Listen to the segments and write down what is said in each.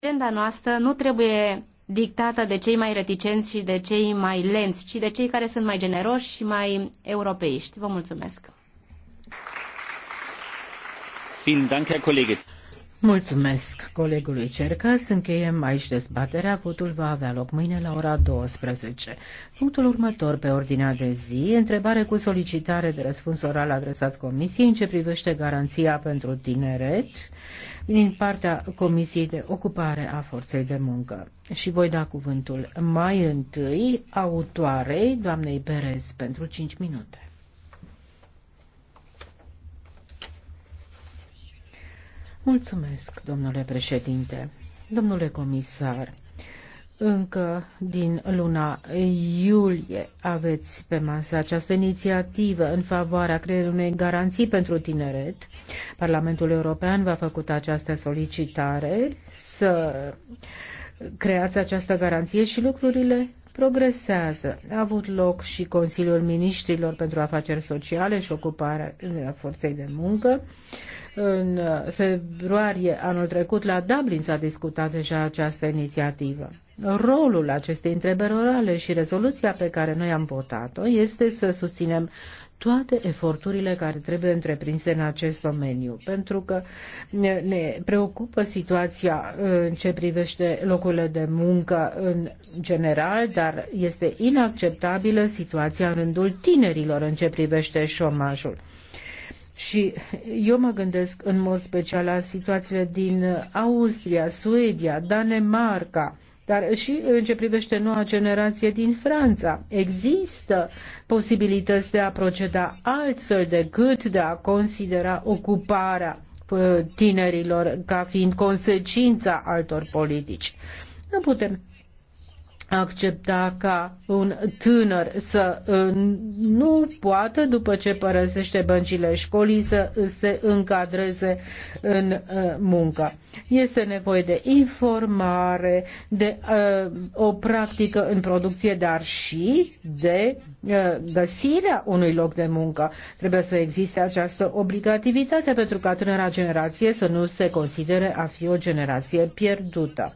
Agenda noastră nu trebuie dictată de cei mai reticenți și de cei mai lenți, ci de cei care sunt mai generoși și mai europeiști. Vă mulțumesc! Mulțumesc colegului Cerca. Să încheiem aici dezbaterea. Votul va avea loc mâine la ora 12. Punctul următor pe ordinea de zi, întrebare cu solicitare de răspuns oral adresat Comisiei în ce privește garanția pentru tineret din partea Comisiei de Ocupare a Forței de Muncă. Și voi da cuvântul mai întâi autoarei, doamnei Perez, pentru 5 minute. Mulțumesc, domnule președinte. Domnule comisar, încă din luna iulie aveți pe masă această inițiativă în favoarea creierii unei garanții pentru tineret. Parlamentul European v-a făcut această solicitare să creați această garanție și lucrurile progresează. A avut loc și Consiliul Ministrilor pentru Afaceri Sociale și Ocuparea Forței de Muncă în februarie anul trecut la Dublin s-a discutat deja această inițiativă. Rolul acestei întrebări orale și rezoluția pe care noi am votat-o este să susținem toate eforturile care trebuie întreprinse în acest domeniu, pentru că ne, ne preocupă situația uh, în ce privește locurile de muncă în general, dar este inacceptabilă situația în rândul tinerilor în ce privește șomajul. Și eu mă gândesc în mod special la situațiile din Austria, Suedia, Danemarca, dar și în ce privește noua generație din Franța. Există posibilități de a proceda altfel decât de a considera ocuparea uh, tinerilor ca fiind consecința altor politici. Nu putem accepta ca un tânăr să uh, nu poată, după ce părăsește băncile școlii, să se încadreze în uh, muncă. Este nevoie de informare, de uh, o practică în producție, dar și de găsirea unui loc de muncă. Trebuie să existe această obligativitate pentru ca tânăra generație să nu se considere a fi o generație pierdută.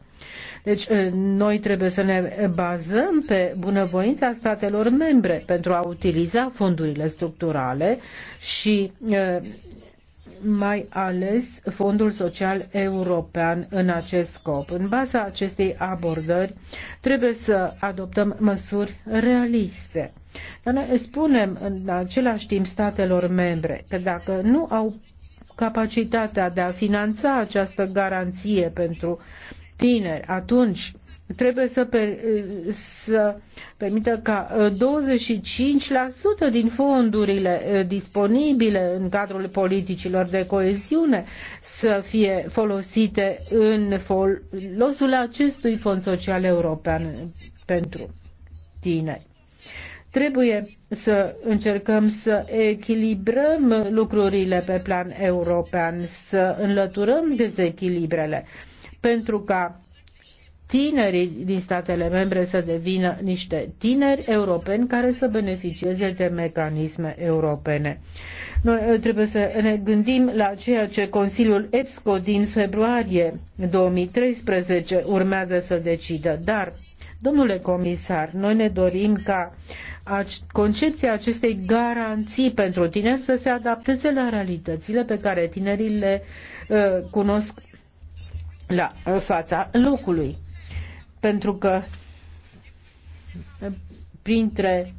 Deci eh, noi trebuie să ne bazăm pe bunăvoința statelor membre pentru a utiliza fondurile structurale și eh, mai ales Fondul Social European în acest scop. În baza acestei abordări trebuie să adoptăm măsuri realiste. Dar ne spunem în același timp statelor membre că dacă nu au capacitatea de a finanța această garanție pentru tineri. Atunci trebuie să, per, să permită ca 25% uh, din fondurile uh, disponibile în cadrul politicilor de coeziune să fie folosite în folosul acestui fond social european pentru tineri. Trebuie să încercăm să echilibrăm lucrurile pe plan european, să înlăturăm dezechilibrele. Uh, pentru ca tinerii din statele membre să devină niște tineri europeni care să beneficieze de mecanisme europene. Noi uh, trebuie să ne gândim la ceea ce Consiliul EPSCO din februarie 2013 urmează să decidă, dar Domnule comisar, noi ne dorim ca concepția acestei garanții pentru tineri să se adapteze la realitățile pe care tinerii le uh, cunosc la fața locului. Pentru că printre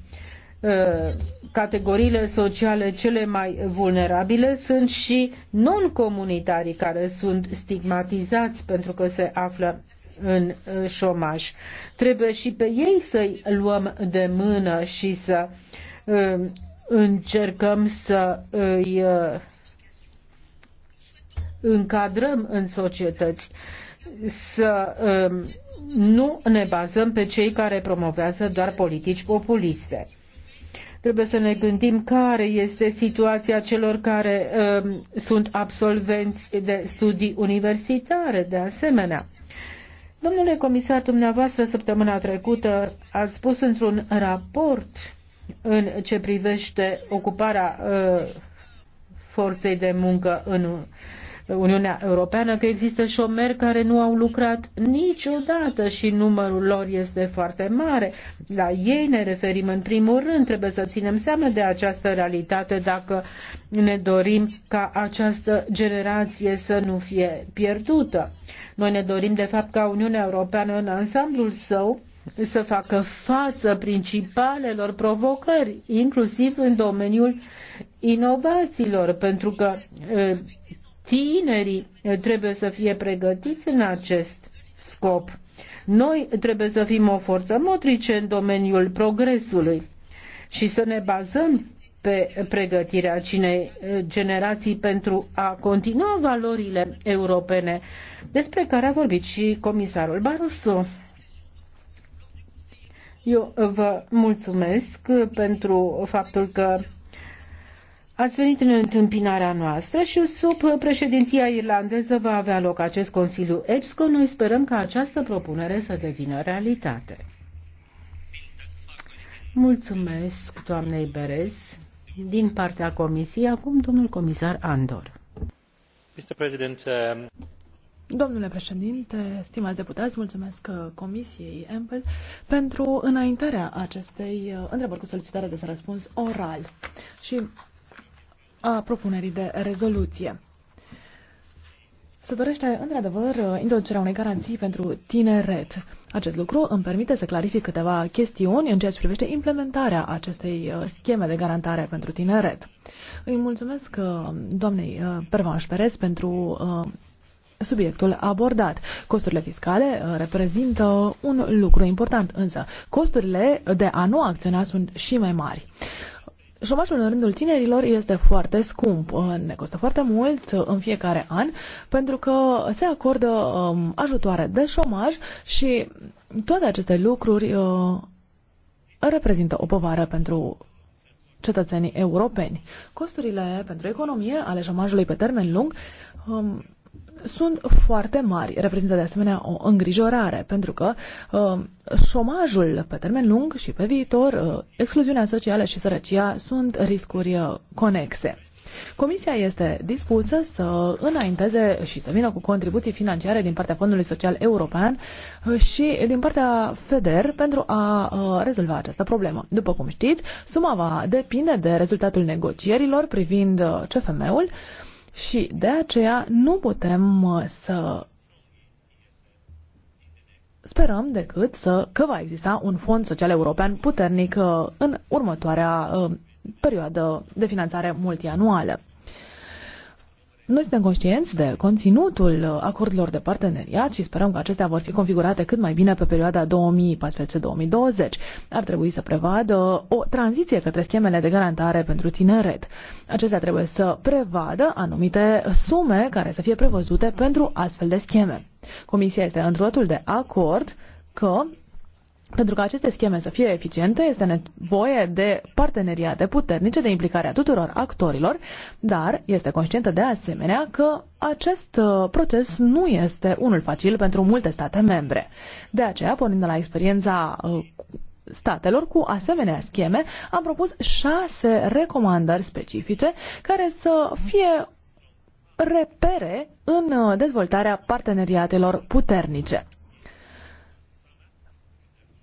uh, categoriile sociale cele mai vulnerabile sunt și non-comunitarii care sunt stigmatizați pentru că se află în uh, șomaj. Trebuie și pe ei să-i luăm de mână și să uh, încercăm să îi încadrăm în societăți, să um, nu ne bazăm pe cei care promovează doar politici populiste. Trebuie să ne gândim care este situația celor care um, sunt absolvenți de studii universitare, de asemenea. Domnule comisar, dumneavoastră săptămâna trecută ați spus într-un raport în ce privește ocuparea uh, forței de muncă în Uniunea Europeană că există șomeri care nu au lucrat niciodată și numărul lor este foarte mare. La ei ne referim în primul rând, trebuie să ținem seama de această realitate dacă ne dorim ca această generație să nu fie pierdută. Noi ne dorim de fapt ca Uniunea Europeană în ansamblul său să facă față principalelor provocări, inclusiv în domeniul inovațiilor, pentru că tinerii eh, trebuie să fie pregătiți în acest scop. Noi trebuie să fim o forță motrice în domeniul progresului și să ne bazăm pe pregătirea cinei eh, generații pentru a continua valorile europene, despre care a vorbit și comisarul Barroso. Eu vă mulțumesc eh, pentru faptul că Ați venit în întâmpinarea noastră și sub președinția irlandeză va avea loc acest Consiliu EPSCO. Noi sperăm ca această propunere să devină realitate. Mulțumesc doamnei Berez. Din partea Comisiei, acum domnul comisar Andor. Mr. President, uh, Domnule președinte, stimați deputați, mulțumesc uh, Comisiei Empel pentru înaintarea acestei uh, întrebări cu solicitare de răspuns oral. Și a propunerii de rezoluție. Se dorește, într-adevăr, introducerea unei garanții pentru tineret. Acest lucru îmi permite să clarific câteva chestiuni în ceea ce privește implementarea acestei uh, scheme de garantare pentru tineret. Îi mulțumesc uh, doamnei uh, Pervanș Perez pentru subiectul abordat. Costurile fiscale reprezintă un lucru important, însă costurile de a nu acționa sunt și mai mari. Șomajul în rândul tinerilor este foarte scump, uh, ne costă foarte mult uh, în fiecare an, pentru că se acordă um, ajutoare de șomaj și toate aceste lucruri uh, reprezintă o povară pentru cetățenii europeni. Costurile pentru economie ale șomajului pe termen lung um, sunt foarte mari. Reprezintă de asemenea o îngrijorare, pentru că uh, șomajul pe termen lung și pe viitor, uh, excluziunea socială și sărăcia sunt riscuri uh, conexe. Comisia este dispusă să înainteze și să vină cu contribuții financiare din partea Fondului Social European uh, și din partea FEDER pentru a uh, rezolva această problemă. După cum știți, suma va depinde de rezultatul negocierilor privind CFM-ul, și de aceea nu putem uh, să sperăm decât să, că va exista un fond social european puternic uh, în următoarea uh, perioadă de finanțare multianuală. Noi suntem conștienți de conținutul uh, acordurilor de parteneriat și sperăm că acestea vor fi configurate cât mai bine pe perioada 2014-2020. Ar trebui să prevadă o tranziție către schemele de garantare pentru tineret. Acestea trebuie să prevadă anumite sume care să fie prevăzute pentru astfel de scheme. Comisia este într totul de acord că pentru ca aceste scheme să fie eficiente, este nevoie de parteneriate puternice, de implicarea tuturor actorilor, dar este conștientă de asemenea că acest uh, proces nu este unul facil pentru multe state membre. De aceea, pornind de la experiența uh, statelor cu asemenea scheme, am propus șase recomandări specifice care să fie repere în uh, dezvoltarea parteneriatelor puternice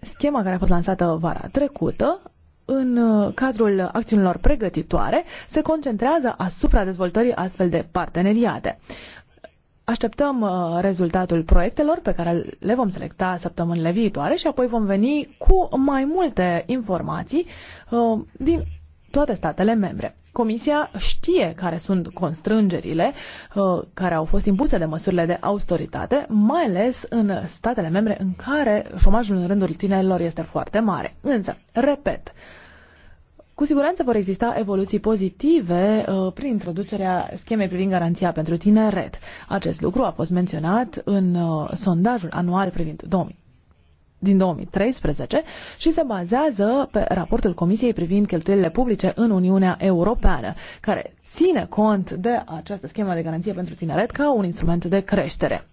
schema care a fost lansată vara trecută în uh, cadrul acțiunilor pregătitoare se concentrează asupra dezvoltării astfel de parteneriate. Așteptăm uh, rezultatul proiectelor pe care le vom selecta săptămânile viitoare și apoi vom veni cu mai multe informații uh, din toate statele membre. Comisia știe care sunt constrângerile uh, care au fost impuse de măsurile de austeritate, mai ales în statele membre în care șomajul în rândul tinerilor este foarte mare. Însă, repet, cu siguranță vor exista evoluții pozitive uh, prin introducerea schemei privind garanția pentru tineret. Acest lucru a fost menționat în uh, sondajul anual privind 2000 din 2013 și se bazează pe raportul Comisiei privind cheltuielile publice în Uniunea Europeană, care ține cont de această schemă de garanție pentru tineret ca un instrument de creștere.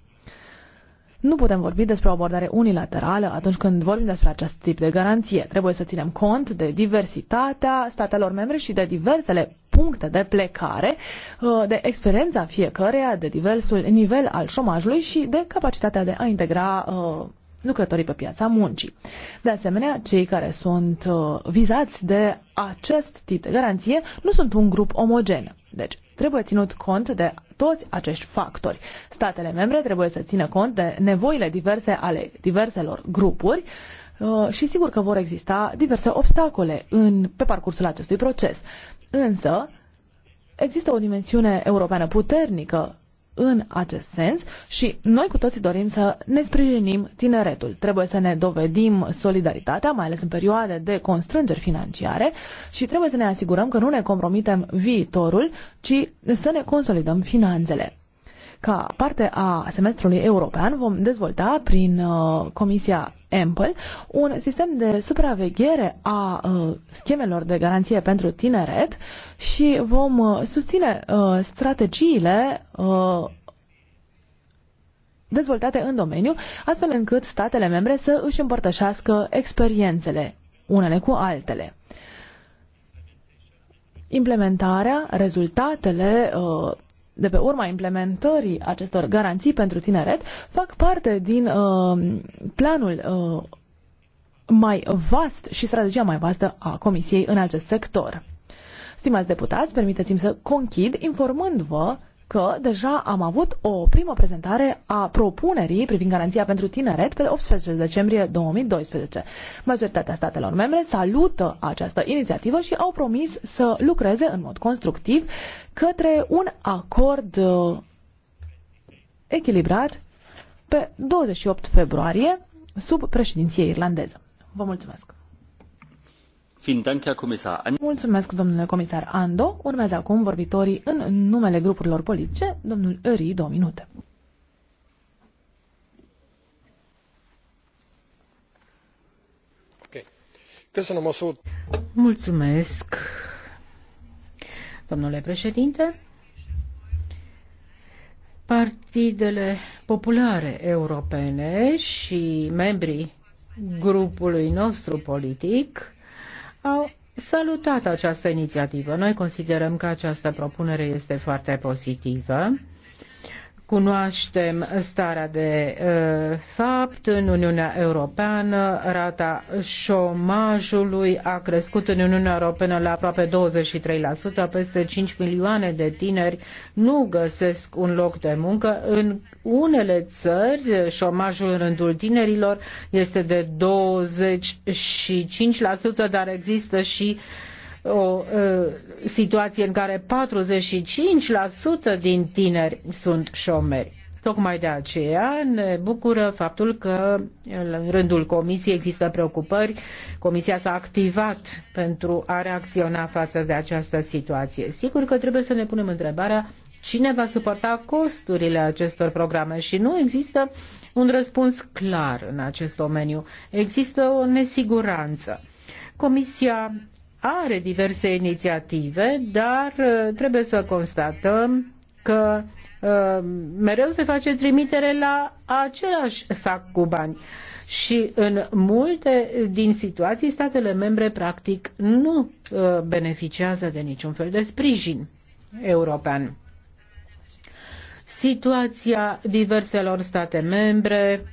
Nu putem vorbi despre o abordare unilaterală atunci când vorbim despre acest tip de garanție. Trebuie să ținem cont de diversitatea statelor membre și de diversele puncte de plecare, uh, de experiența fiecăreia, de diversul nivel al șomajului și de capacitatea de a integra uh, lucrătorii pe piața muncii. De asemenea, cei care sunt uh, vizați de acest tip de garanție nu sunt un grup omogen. Deci, trebuie ținut cont de toți acești factori. Statele membre trebuie să țină cont de nevoile diverse ale diverselor grupuri uh, și sigur că vor exista diverse obstacole în, pe parcursul acestui proces. Însă, există o dimensiune europeană puternică în acest sens și noi cu toții dorim să ne sprijinim tineretul. Trebuie să ne dovedim solidaritatea, mai ales în perioade de constrângeri financiare și trebuie să ne asigurăm că nu ne compromitem viitorul, ci să ne consolidăm finanțele. Ca parte a semestrului european vom dezvolta prin uh, Comisia Ample un sistem de supraveghere a uh, schemelor de garanție pentru tineret și vom uh, susține strategiile dezvoltate în domeniu, astfel încât statele membre să își împărtășească experiențele unele cu altele. Implementarea, rezultatele uh, de pe urma implementării acestor garanții pentru tineret fac parte din uh, planul uh, mai vast și strategia mai vastă a Comisiei în acest sector. Stimați deputați, permiteți-mi să conchid informând-vă că deja am avut o primă prezentare a propunerii privind garanția pentru tineret pe 18 decembrie 2012. Majoritatea statelor membre salută această inițiativă și au promis să lucreze în mod constructiv către un acord uh, echilibrat pe 28 februarie sub președinție irlandeză. Vă mulțumesc! Mulțumesc, domnule comisar Ando. Urmează acum vorbitorii în numele grupurilor politice. Domnul Öri, două minute. Mulțumesc, domnule președinte. Partidele populare europene și membrii grupului nostru politic au salutat această inițiativă. Noi considerăm că această propunere este foarte pozitivă cunoaștem starea de uh, fapt în Uniunea Europeană, rata șomajului a crescut în Uniunea Europeană la aproape 23%, peste 5 milioane de tineri nu găsesc un loc de muncă. În unele țări, șomajul în rândul tinerilor este de 25%, dar există și uh, o situație în care 45% din tineri sunt șomeri. Tocmai de aceea ne bucură faptul că în rândul Comisiei există preocupări. Comisia s-a activat pentru a reacționa față de această situație. Sigur că trebuie să ne punem întrebarea cine va suporta costurile acestor programe și nu există un răspuns clar în acest domeniu. Există o nesiguranță. Comisia are diverse inițiative, dar uh, trebuie să constatăm că uh, mereu se face trimitere la același sac cu bani. Și în multe din situații, statele membre practic nu uh, beneficiază de niciun fel de sprijin european. Situația diverselor state membre,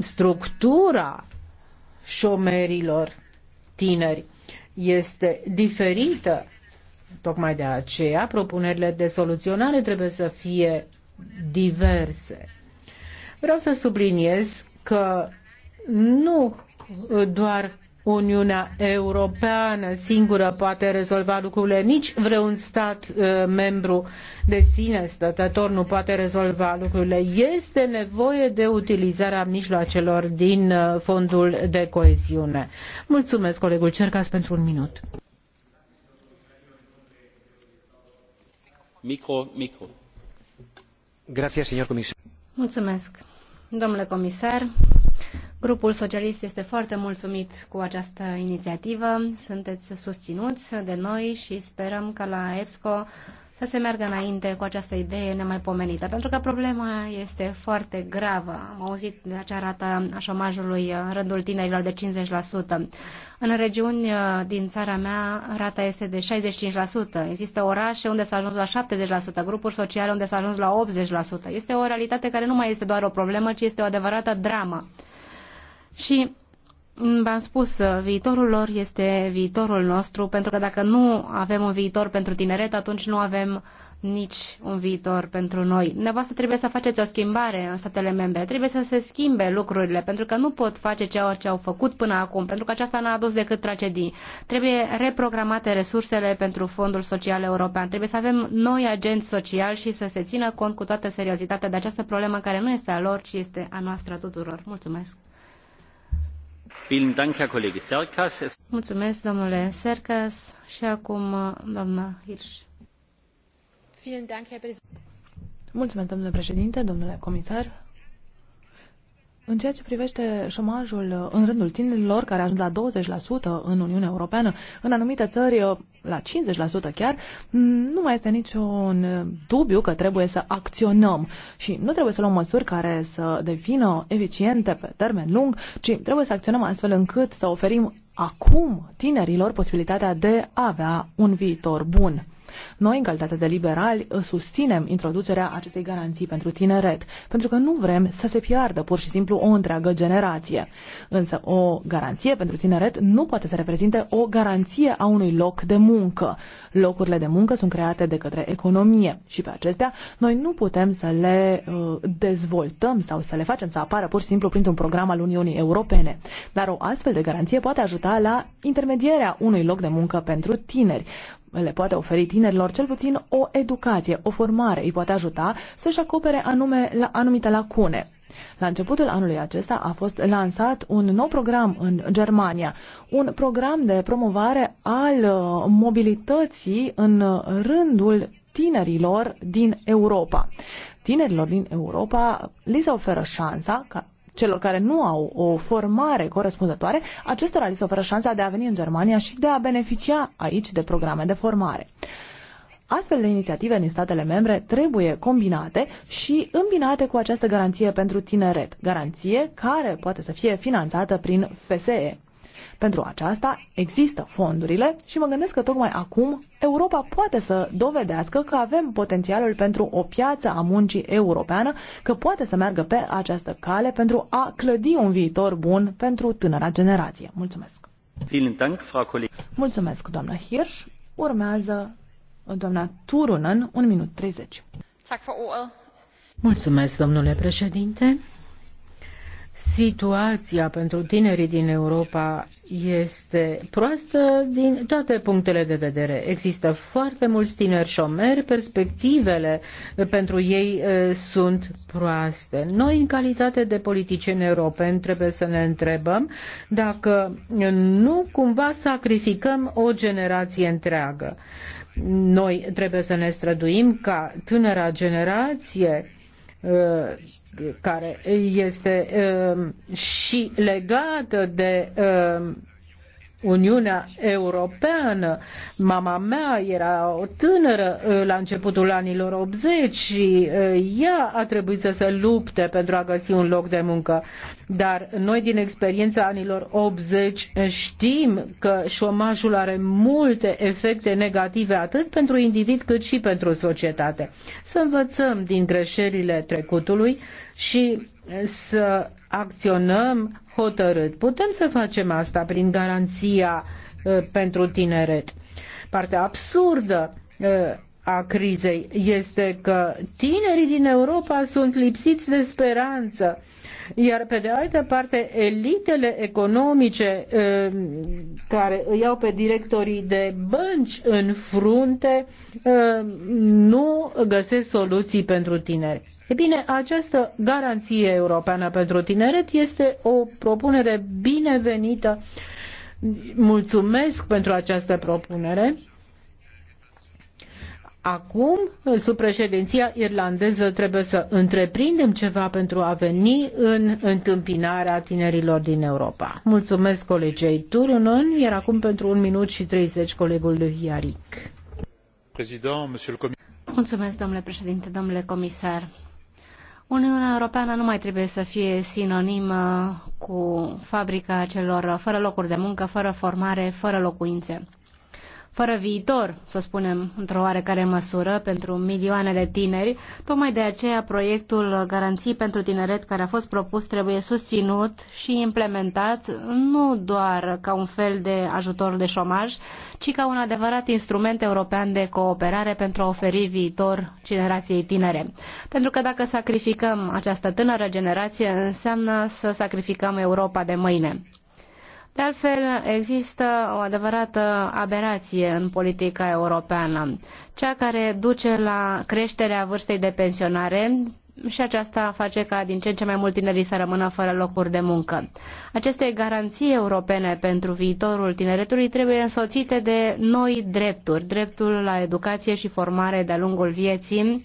structura șomerilor tineri este diferită. Tocmai de aceea, propunerile de soluționare trebuie să fie diverse. Vreau să subliniez că nu doar Uniunea Europeană singură poate rezolva lucrurile, nici vreun stat uh, membru de sine stătător nu poate rezolva lucrurile. Este nevoie de utilizarea mijloacelor din uh, fondul de coeziune. Mulțumesc, colegul Cercas, pentru un minut. Micro, micro. Grazie, Mulțumesc. Domnule comisar, Grupul Socialist este foarte mulțumit cu această inițiativă. Sunteți susținuți de noi și sperăm că la EPSCO să se meargă înainte cu această idee nemaipomenită, pentru că problema este foarte gravă. Am auzit de acea rată a șomajului în rândul tinerilor de 50%. În regiuni din țara mea, rata este de 65%. Există orașe unde s-a ajuns la 70%, grupuri sociale unde s-a ajuns la 80%. Este o realitate care nu mai este doar o problemă, ci este o adevărată dramă. Și V-am spus, viitorul lor este viitorul nostru, pentru că dacă nu avem un viitor pentru tineret, atunci nu avem nici un viitor pentru noi. Dumneavoastră trebuie să faceți o schimbare în statele membre, trebuie să se schimbe lucrurile, pentru că nu pot face ceea ce au făcut până acum, pentru că aceasta n-a adus decât tragedii. Trebuie reprogramate resursele pentru Fondul Social European, trebuie să avem noi agenți sociali și să se țină cont cu toată seriozitatea de această problemă care nu este a lor, ci este a noastră a tuturor. Mulțumesc! Mulțumesc, domnule Sercas. Și acum, doamna Hirsch. Mulțumesc, domnule președinte, domnule comisar. În ceea ce privește șomajul uh, în rândul tinerilor, care ajung la 20% în Uniunea Europeană, în anumite țări uh, la 50% chiar, nu mai este niciun uh, dubiu că trebuie să acționăm și nu trebuie să luăm măsuri care să devină eficiente pe termen lung, ci trebuie să acționăm astfel încât să oferim acum tinerilor posibilitatea de a avea un viitor bun. Noi, în calitate de liberali, susținem introducerea acestei garanții pentru tineret, pentru că nu vrem să se piardă pur și simplu o întreagă generație. Însă o garanție pentru tineret nu poate să reprezinte o garanție a unui loc de muncă. Locurile de muncă sunt create de către economie și pe acestea noi nu putem să le uh, dezvoltăm sau să le facem să apară pur și simplu printr-un program al Uniunii Europene. Dar o astfel de garanție poate ajuta la intermedierea unui loc de muncă pentru tineri le poate oferi tinerilor cel puțin o educație, o formare, îi poate ajuta să-și acopere anume, la, anumite lacune. La începutul anului acesta a fost lansat un nou program în Germania, un program de promovare al uh, mobilității în rândul tinerilor din Europa. Tinerilor din Europa li se oferă șansa ca celor care nu au o formare corespunzătoare, acestora li se oferă șansa de a veni în Germania și de a beneficia aici de programe de formare. Astfel de inițiative din statele membre trebuie combinate și îmbinate cu această garanție pentru tineret, garanție care poate să fie finanțată prin FSE. Pentru aceasta există fondurile și mă gândesc că tocmai acum Europa poate să dovedească că avem potențialul pentru o piață a muncii europeană, că poate să meargă pe această cale pentru a clădi un viitor bun pentru tânăra generație. Mulțumesc! Mulțumesc, doamna Hirsch. Urmează doamna Turunen, 1 minut 30. Mulțumesc, domnule președinte. Situația pentru tinerii din Europa este proastă din toate punctele de vedere. Există foarte mulți tineri șomeri, perspectivele pentru ei eh, sunt proaste. Noi, în calitate de politicieni europeni, trebuie să ne întrebăm dacă nu cumva sacrificăm o generație întreagă. Noi trebuie să ne străduim ca tânăra generație care este ehm, și legată de ehm, Uniunea Europeană. Mama mea era o tânără uh, la începutul anilor 80 și uh, ea a trebuit să se lupte pentru a găsi un loc de muncă. Dar noi din experiența anilor 80 știm că șomajul are multe efecte negative atât pentru individ cât și pentru societate. Să învățăm din greșelile trecutului și să acționăm hotărât. Putem să facem asta prin garanția uh, pentru tineret. Partea absurdă uh, a crizei este că tinerii din Europa sunt lipsiți de speranță iar pe de altă parte, elitele economice eh, care îi iau pe directorii de bănci în frunte eh, nu găsesc soluții pentru tineri. E bine, această garanție europeană pentru tineret este o propunere binevenită. Mulțumesc pentru această propunere Acum, sub președinția irlandeză, trebuie să întreprindem ceva pentru a veni în întâmpinarea tinerilor din Europa. Mulțumesc colegei Turunen, iar acum pentru un minut și 30 colegul Iaric. Mulțumesc, domnule președinte, domnule comisar. Uniunea Europeană nu mai trebuie să fie sinonimă cu fabrica celor fără locuri de muncă, fără formare, fără locuințe fără viitor, să spunem, într-o oarecare măsură, pentru milioane de tineri. Tocmai de aceea proiectul Garanții pentru Tineret care a fost propus trebuie susținut și implementat nu doar ca un fel de ajutor de șomaj, ci ca un adevărat instrument european de cooperare pentru a oferi viitor generației tinere. Pentru că dacă sacrificăm această tânără generație, înseamnă să sacrificăm Europa de mâine. De altfel, există o adevărată aberație în politica europeană, cea care duce la creșterea vârstei de pensionare și aceasta face ca din ce în ce mai mulți tinerii să rămână fără locuri de muncă. Aceste garanții europene pentru viitorul tineretului trebuie însoțite de noi drepturi, dreptul la educație și formare de-a lungul vieții,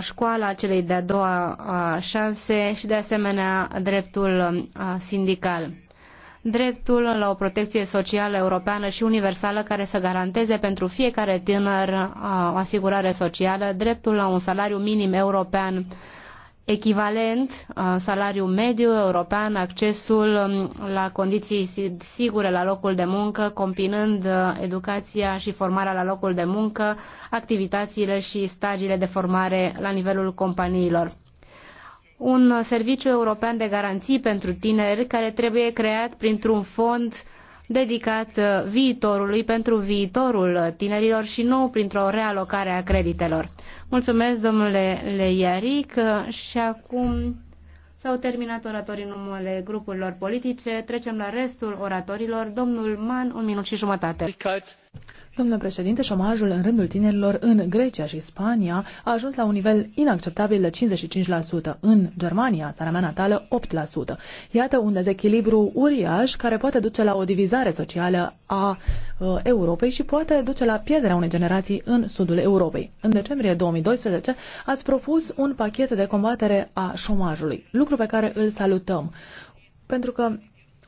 școala celei de-a doua șanse și de asemenea dreptul sindical dreptul la o protecție socială europeană și universală care să garanteze pentru fiecare tânăr uh, o asigurare socială, dreptul la un salariu minim european echivalent, uh, salariu mediu european, accesul um, la condiții sigure la locul de muncă, combinând uh, educația și formarea la locul de muncă, activitățile și stagiile de formare la nivelul companiilor un serviciu european de garanții pentru tineri care trebuie creat printr-un fond dedicat uh, viitorului pentru viitorul uh, tinerilor și nu printr-o realocare a creditelor. Mulțumesc, domnule Leiaric, uh, și acum s-au terminat oratorii numele grupurilor politice. Trecem la restul oratorilor. Domnul Man, un minut și jumătate. Domnule președinte, șomajul în rândul tinerilor în Grecia și Spania a ajuns la un nivel inacceptabil de 55%, în Germania, țara mea natală, 8%. Iată un dezechilibru uriaș care poate duce la o divizare socială a uh, Europei și poate duce la pierderea unei generații în sudul Europei. În decembrie 2012 ați propus un pachet de combatere a șomajului, lucru pe care îl salutăm, pentru că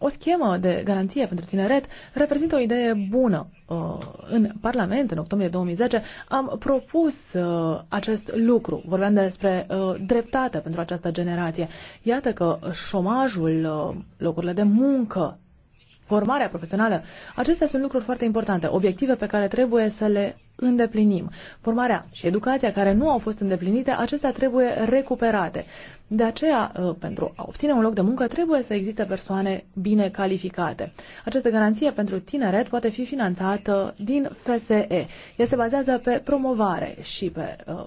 o schemă de garanție pentru tineret reprezintă o idee bună. Uh, în Parlament, în octombrie 2010, am propus uh, acest lucru. Vorbeam despre uh, dreptate pentru această generație. Iată că șomajul, locurile de muncă, formarea profesională. Acestea sunt lucruri foarte importante, obiective pe care trebuie să le îndeplinim. Formarea și educația care nu au fost îndeplinite, acestea trebuie recuperate. De aceea, ă, pentru a obține un loc de muncă, trebuie să existe persoane bine calificate. Această garanție pentru tineret poate fi finanțată din FSE. Ea se bazează pe promovare și pe uh,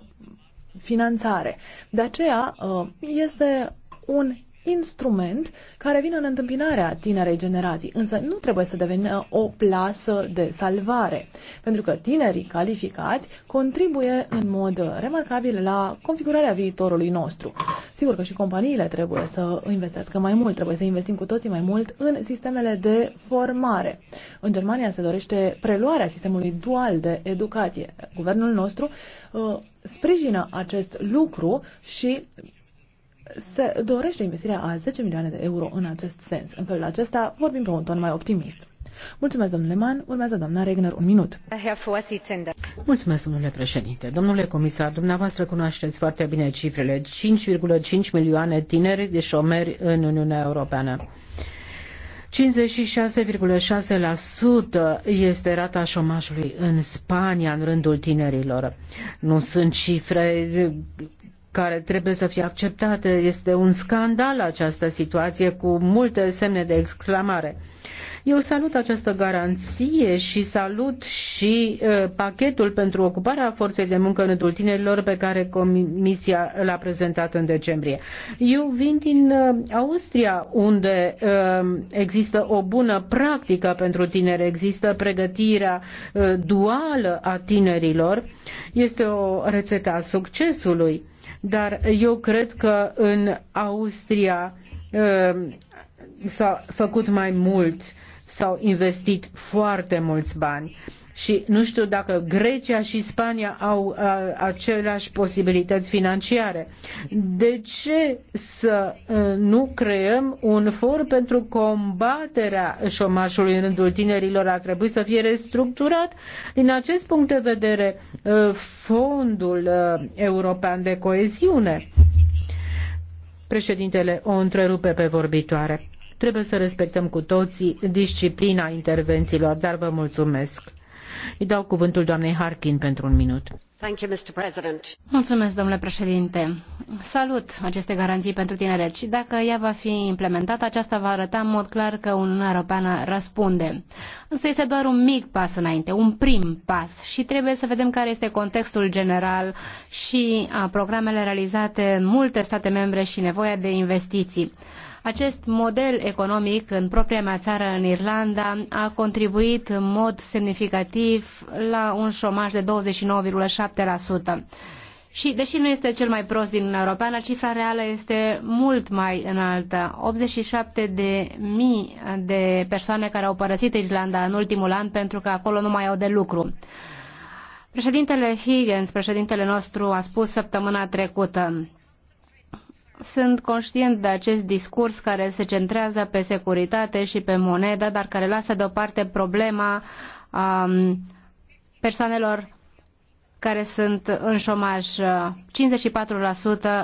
finanțare. De aceea, uh, este un instrument care vine în întâmpinarea tinerei generații, însă nu trebuie să devină o plasă de salvare, pentru că tinerii calificați contribuie în mod remarcabil la configurarea viitorului nostru. Sigur că și companiile trebuie să investească mai mult, trebuie să investim cu toții mai mult în sistemele de formare. În Germania se dorește preluarea sistemului dual de educație. Guvernul nostru uh, sprijină acest lucru și se dorește investirea a 10 milioane de euro în acest sens. În felul acesta vorbim pe un ton mai optimist. Mulțumesc, domnule Man. Urmează doamna Regner, un minut. Mulțumesc, domnule președinte. Domnule comisar, dumneavoastră cunoașteți foarte bine cifrele. 5,5 milioane tineri de șomeri în Uniunea Europeană. 56,6% este rata șomajului în Spania în rândul tinerilor. Nu sunt cifre care trebuie să fie acceptate. Este un scandal această situație cu multe semne de exclamare. Eu salut această garanție și salut și uh, pachetul pentru ocuparea forței de muncă în rândul tinerilor pe care Comisia l-a prezentat în decembrie. Eu vin din uh, Austria unde uh, există o bună practică pentru tineri, există pregătirea uh, duală a tinerilor. Este o rețetă a succesului dar eu cred că în Austria ehm, s-a făcut mai mult, s-au investit foarte mulți bani și nu știu dacă Grecia și Spania au uh, aceleași posibilități financiare. De ce să uh, nu creăm un for pentru combaterea șomajului în rândul tinerilor? Ar trebui să fie restructurat. Din acest punct de vedere, uh, fondul european de coeziune. Președintele o întrerupe pe vorbitoare. Trebuie să respectăm cu toții disciplina intervențiilor, dar vă mulțumesc. Îi dau cuvântul doamnei Harkin pentru un minut. Mulțumesc, domnule președinte. Salut aceste garanții pentru tineret și dacă ea va fi implementată, aceasta va arăta în mod clar că Uniunea Europeană răspunde. Însă este doar un mic pas înainte, un prim pas și trebuie să vedem care este contextul general și a programele realizate în multe state membre și nevoia de investiții. Acest model economic în propria mea țară, în Irlanda, a contribuit în mod semnificativ la un șomaj de 29,7%. Și, deși nu este cel mai prost din Uniunea Europeană, cifra reală este mult mai înaltă. 87 de mii de persoane care au părăsit Irlanda în ultimul an pentru că acolo nu mai au de lucru. Președintele Higgins, președintele nostru, a spus săptămâna trecută sunt conștient de acest discurs care se centrează pe securitate și pe monedă, dar care lasă deoparte problema um, persoanelor care sunt în șomaj, 54%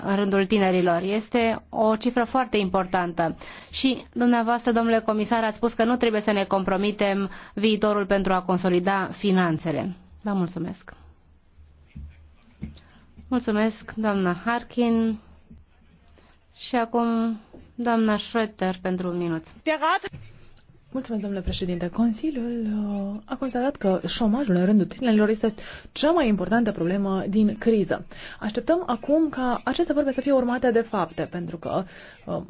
în rândul tinerilor. Este o cifră foarte importantă. Și dumneavoastră, domnule comisar, ați spus că nu trebuie să ne compromitem viitorul pentru a consolida finanțele. Vă mulțumesc. Mulțumesc, doamna Harkin. Și acum, doamna Schroeter, pentru un minut. Mulțumesc, domnule președinte. Consiliul uh, a constatat că șomajul în rândul tinerilor este cea mai importantă problemă din criză. Așteptăm acum ca aceste vorbe să fie urmate de fapte, pentru că uh,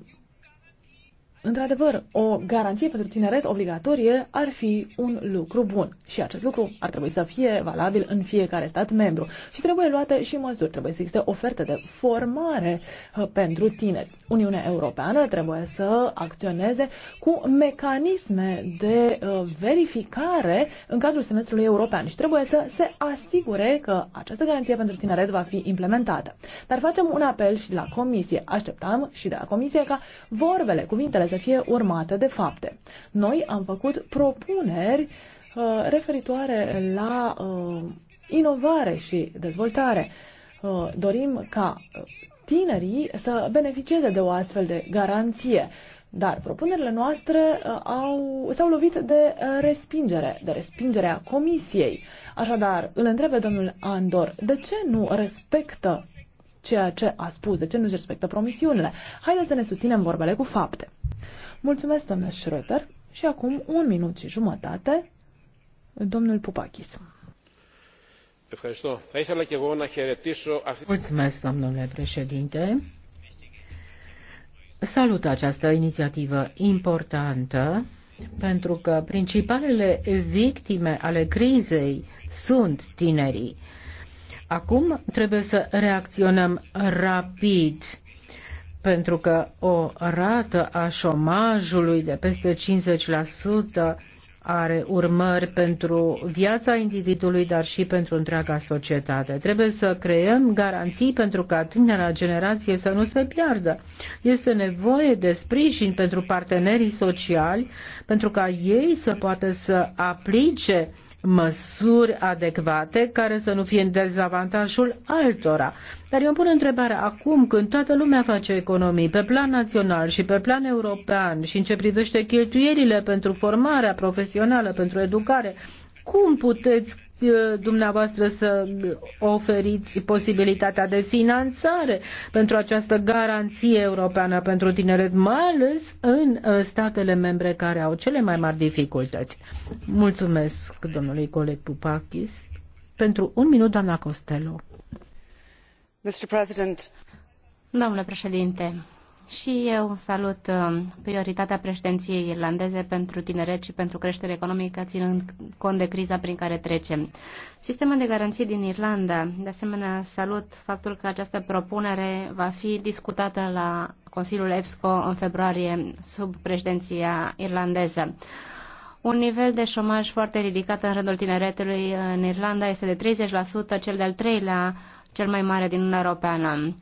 Într-adevăr, o garanție pentru tineret obligatorie ar fi un lucru bun și acest lucru ar trebui să fie valabil în fiecare stat membru și trebuie luate și măsuri, trebuie să existe oferte de formare uh, pentru tineri. Uniunea Europeană trebuie să acționeze cu mecanisme de uh, verificare în cadrul semestrului european și trebuie să se asigure că această garanție pentru tineret va fi implementată. Dar facem un apel și la Comisie. Așteptam și de la Comisie ca vorbele, cuvintele să fie urmată de fapte. Noi am făcut propuneri uh, referitoare la uh, inovare și dezvoltare. Uh, dorim ca uh, tinerii să beneficieze de o astfel de garanție. Dar propunerile noastre uh, au, s-au lovit de uh, respingere, de respingerea comisiei. Așadar, îl întrebe domnul Andor, de ce nu respectă ceea ce a spus, de ce nu-și respectă promisiunile. Haideți să ne susținem vorbele cu fapte. Mulțumesc, domnule Schröter. Și acum un minut și jumătate, domnul Pupachis. Mulțumesc, domnule președinte. Salut această inițiativă importantă pentru că principalele victime ale crizei sunt tinerii. Acum trebuie să reacționăm rapid pentru că o rată a șomajului de peste 50% are urmări pentru viața individului, dar și pentru întreaga societate. Trebuie să creăm garanții pentru ca tânăra generație să nu se piardă. Este nevoie de sprijin pentru partenerii sociali, pentru ca ei să poată să aplice măsuri adecvate care să nu fie în dezavantajul altora. Dar eu îmi pun întrebarea acum, când toată lumea face economii pe plan național și pe plan european și în ce privește cheltuielile pentru formarea profesională, pentru educare, cum puteți Uh, dumneavoastră să oferiți posibilitatea de finanțare pentru această garanție europeană pentru tineret, mai ales în uh, statele membre care au cele mai mari dificultăți. Mulțumesc domnului coleg Pupakis. Pentru un minut, doamna Costello. Mr. President. Domnule președinte, și eu salut um, prioritatea președinției irlandeze pentru tineret și pentru creștere economică, ținând cont de criza prin care trecem. Sistemul de garanții din Irlanda, de asemenea, salut faptul că această propunere va fi discutată la Consiliul EPSCO în februarie sub președinția irlandeză. Un nivel de șomaj foarte ridicat în rândul tineretului în Irlanda este de 30%, cel de-al treilea cel mai mare din Uniunea Europeană.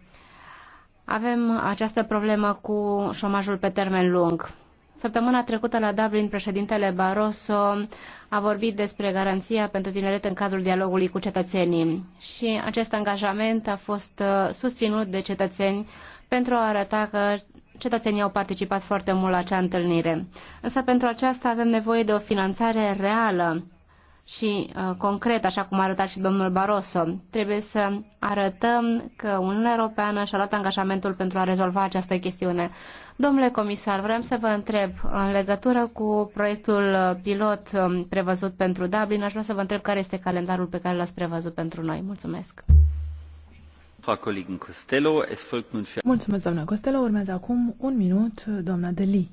Avem această problemă cu șomajul pe termen lung. Săptămâna trecută la Dublin, președintele Barroso a vorbit despre garanția pentru tineret în cadrul dialogului cu cetățenii și acest angajament a fost uh, susținut de cetățeni pentru a arăta că cetățenii au participat foarte mult la acea întâlnire. Însă pentru aceasta avem nevoie de o finanțare reală și uh, concret, așa cum a arătat și domnul Barroso. Trebuie să arătăm că Uniunea Europeană și-a luat angajamentul pentru a rezolva această chestiune. Domnule comisar, vrem să vă întreb, în legătură cu proiectul uh, pilot um, prevăzut pentru Dublin, aș vrea să vă întreb care este calendarul pe care l-ați prevăzut pentru noi. Mulțumesc. Mulțumesc, doamna Costello. Urmează acum un minut, doamna Deli.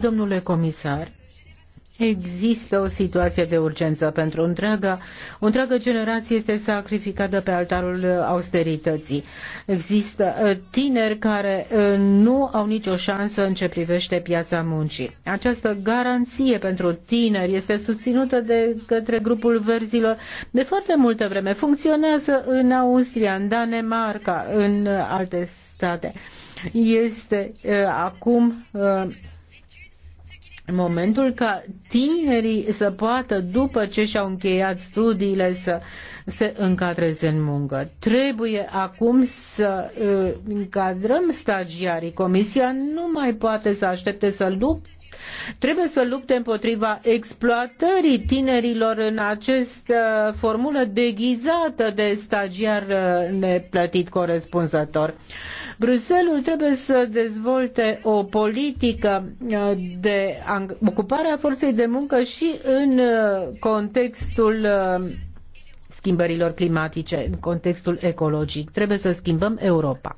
Domnule comisar, Există o situație de urgență pentru întreaga. O întreagă generație este sacrificată pe altarul austerității. Există uh, tineri care uh, nu au nicio șansă în ce privește piața muncii. Această garanție pentru tineri este susținută de către grupul verzilor de foarte multă vreme. Funcționează în Austria, în Danemarca, în uh, alte state. Este acum momentul ca tinerii să poată, după ce și-au încheiat studiile, să se încadreze în muncă. Trebuie acum să uh, încadrăm stagiarii. Comisia nu mai poate să aștepte să lupte Trebuie să lupte împotriva exploatării tinerilor în această uh, formulă deghizată de stagiar uh, neplătit corespunzător. Bruselul trebuie să dezvolte o politică uh, de ocupare a forței de muncă și în contextul schimbărilor climatice, în contextul ecologic. Trebuie să schimbăm Europa.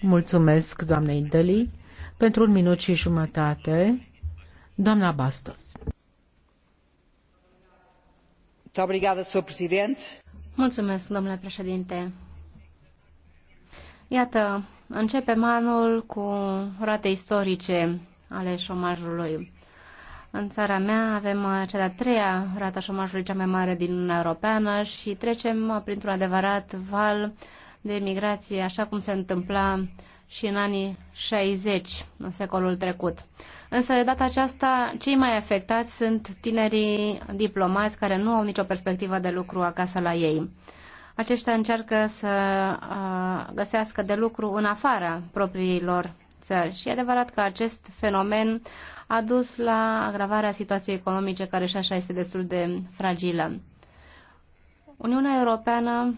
Mulțumesc, doamnei Deli. Pentru un minut și jumătate, doamna Bastos. Mulțumesc, domnule președinte. Iată, începem anul cu rate istorice ale șomajului. În țara mea avem uh, cea de-a treia rată șomajului cea mai mare din Uniunea Europeană și trecem uh, printr-un adevărat val de migrație, așa cum se întâmpla și în anii 60, în secolul trecut. Însă, de data aceasta, cei mai afectați sunt tinerii diplomați care nu au nicio perspectivă de lucru acasă la ei. Aceștia încearcă să găsească de lucru în afara propriilor țări. Și e adevărat că acest fenomen a dus la agravarea situației economice, care și așa este destul de fragilă. Uniunea Europeană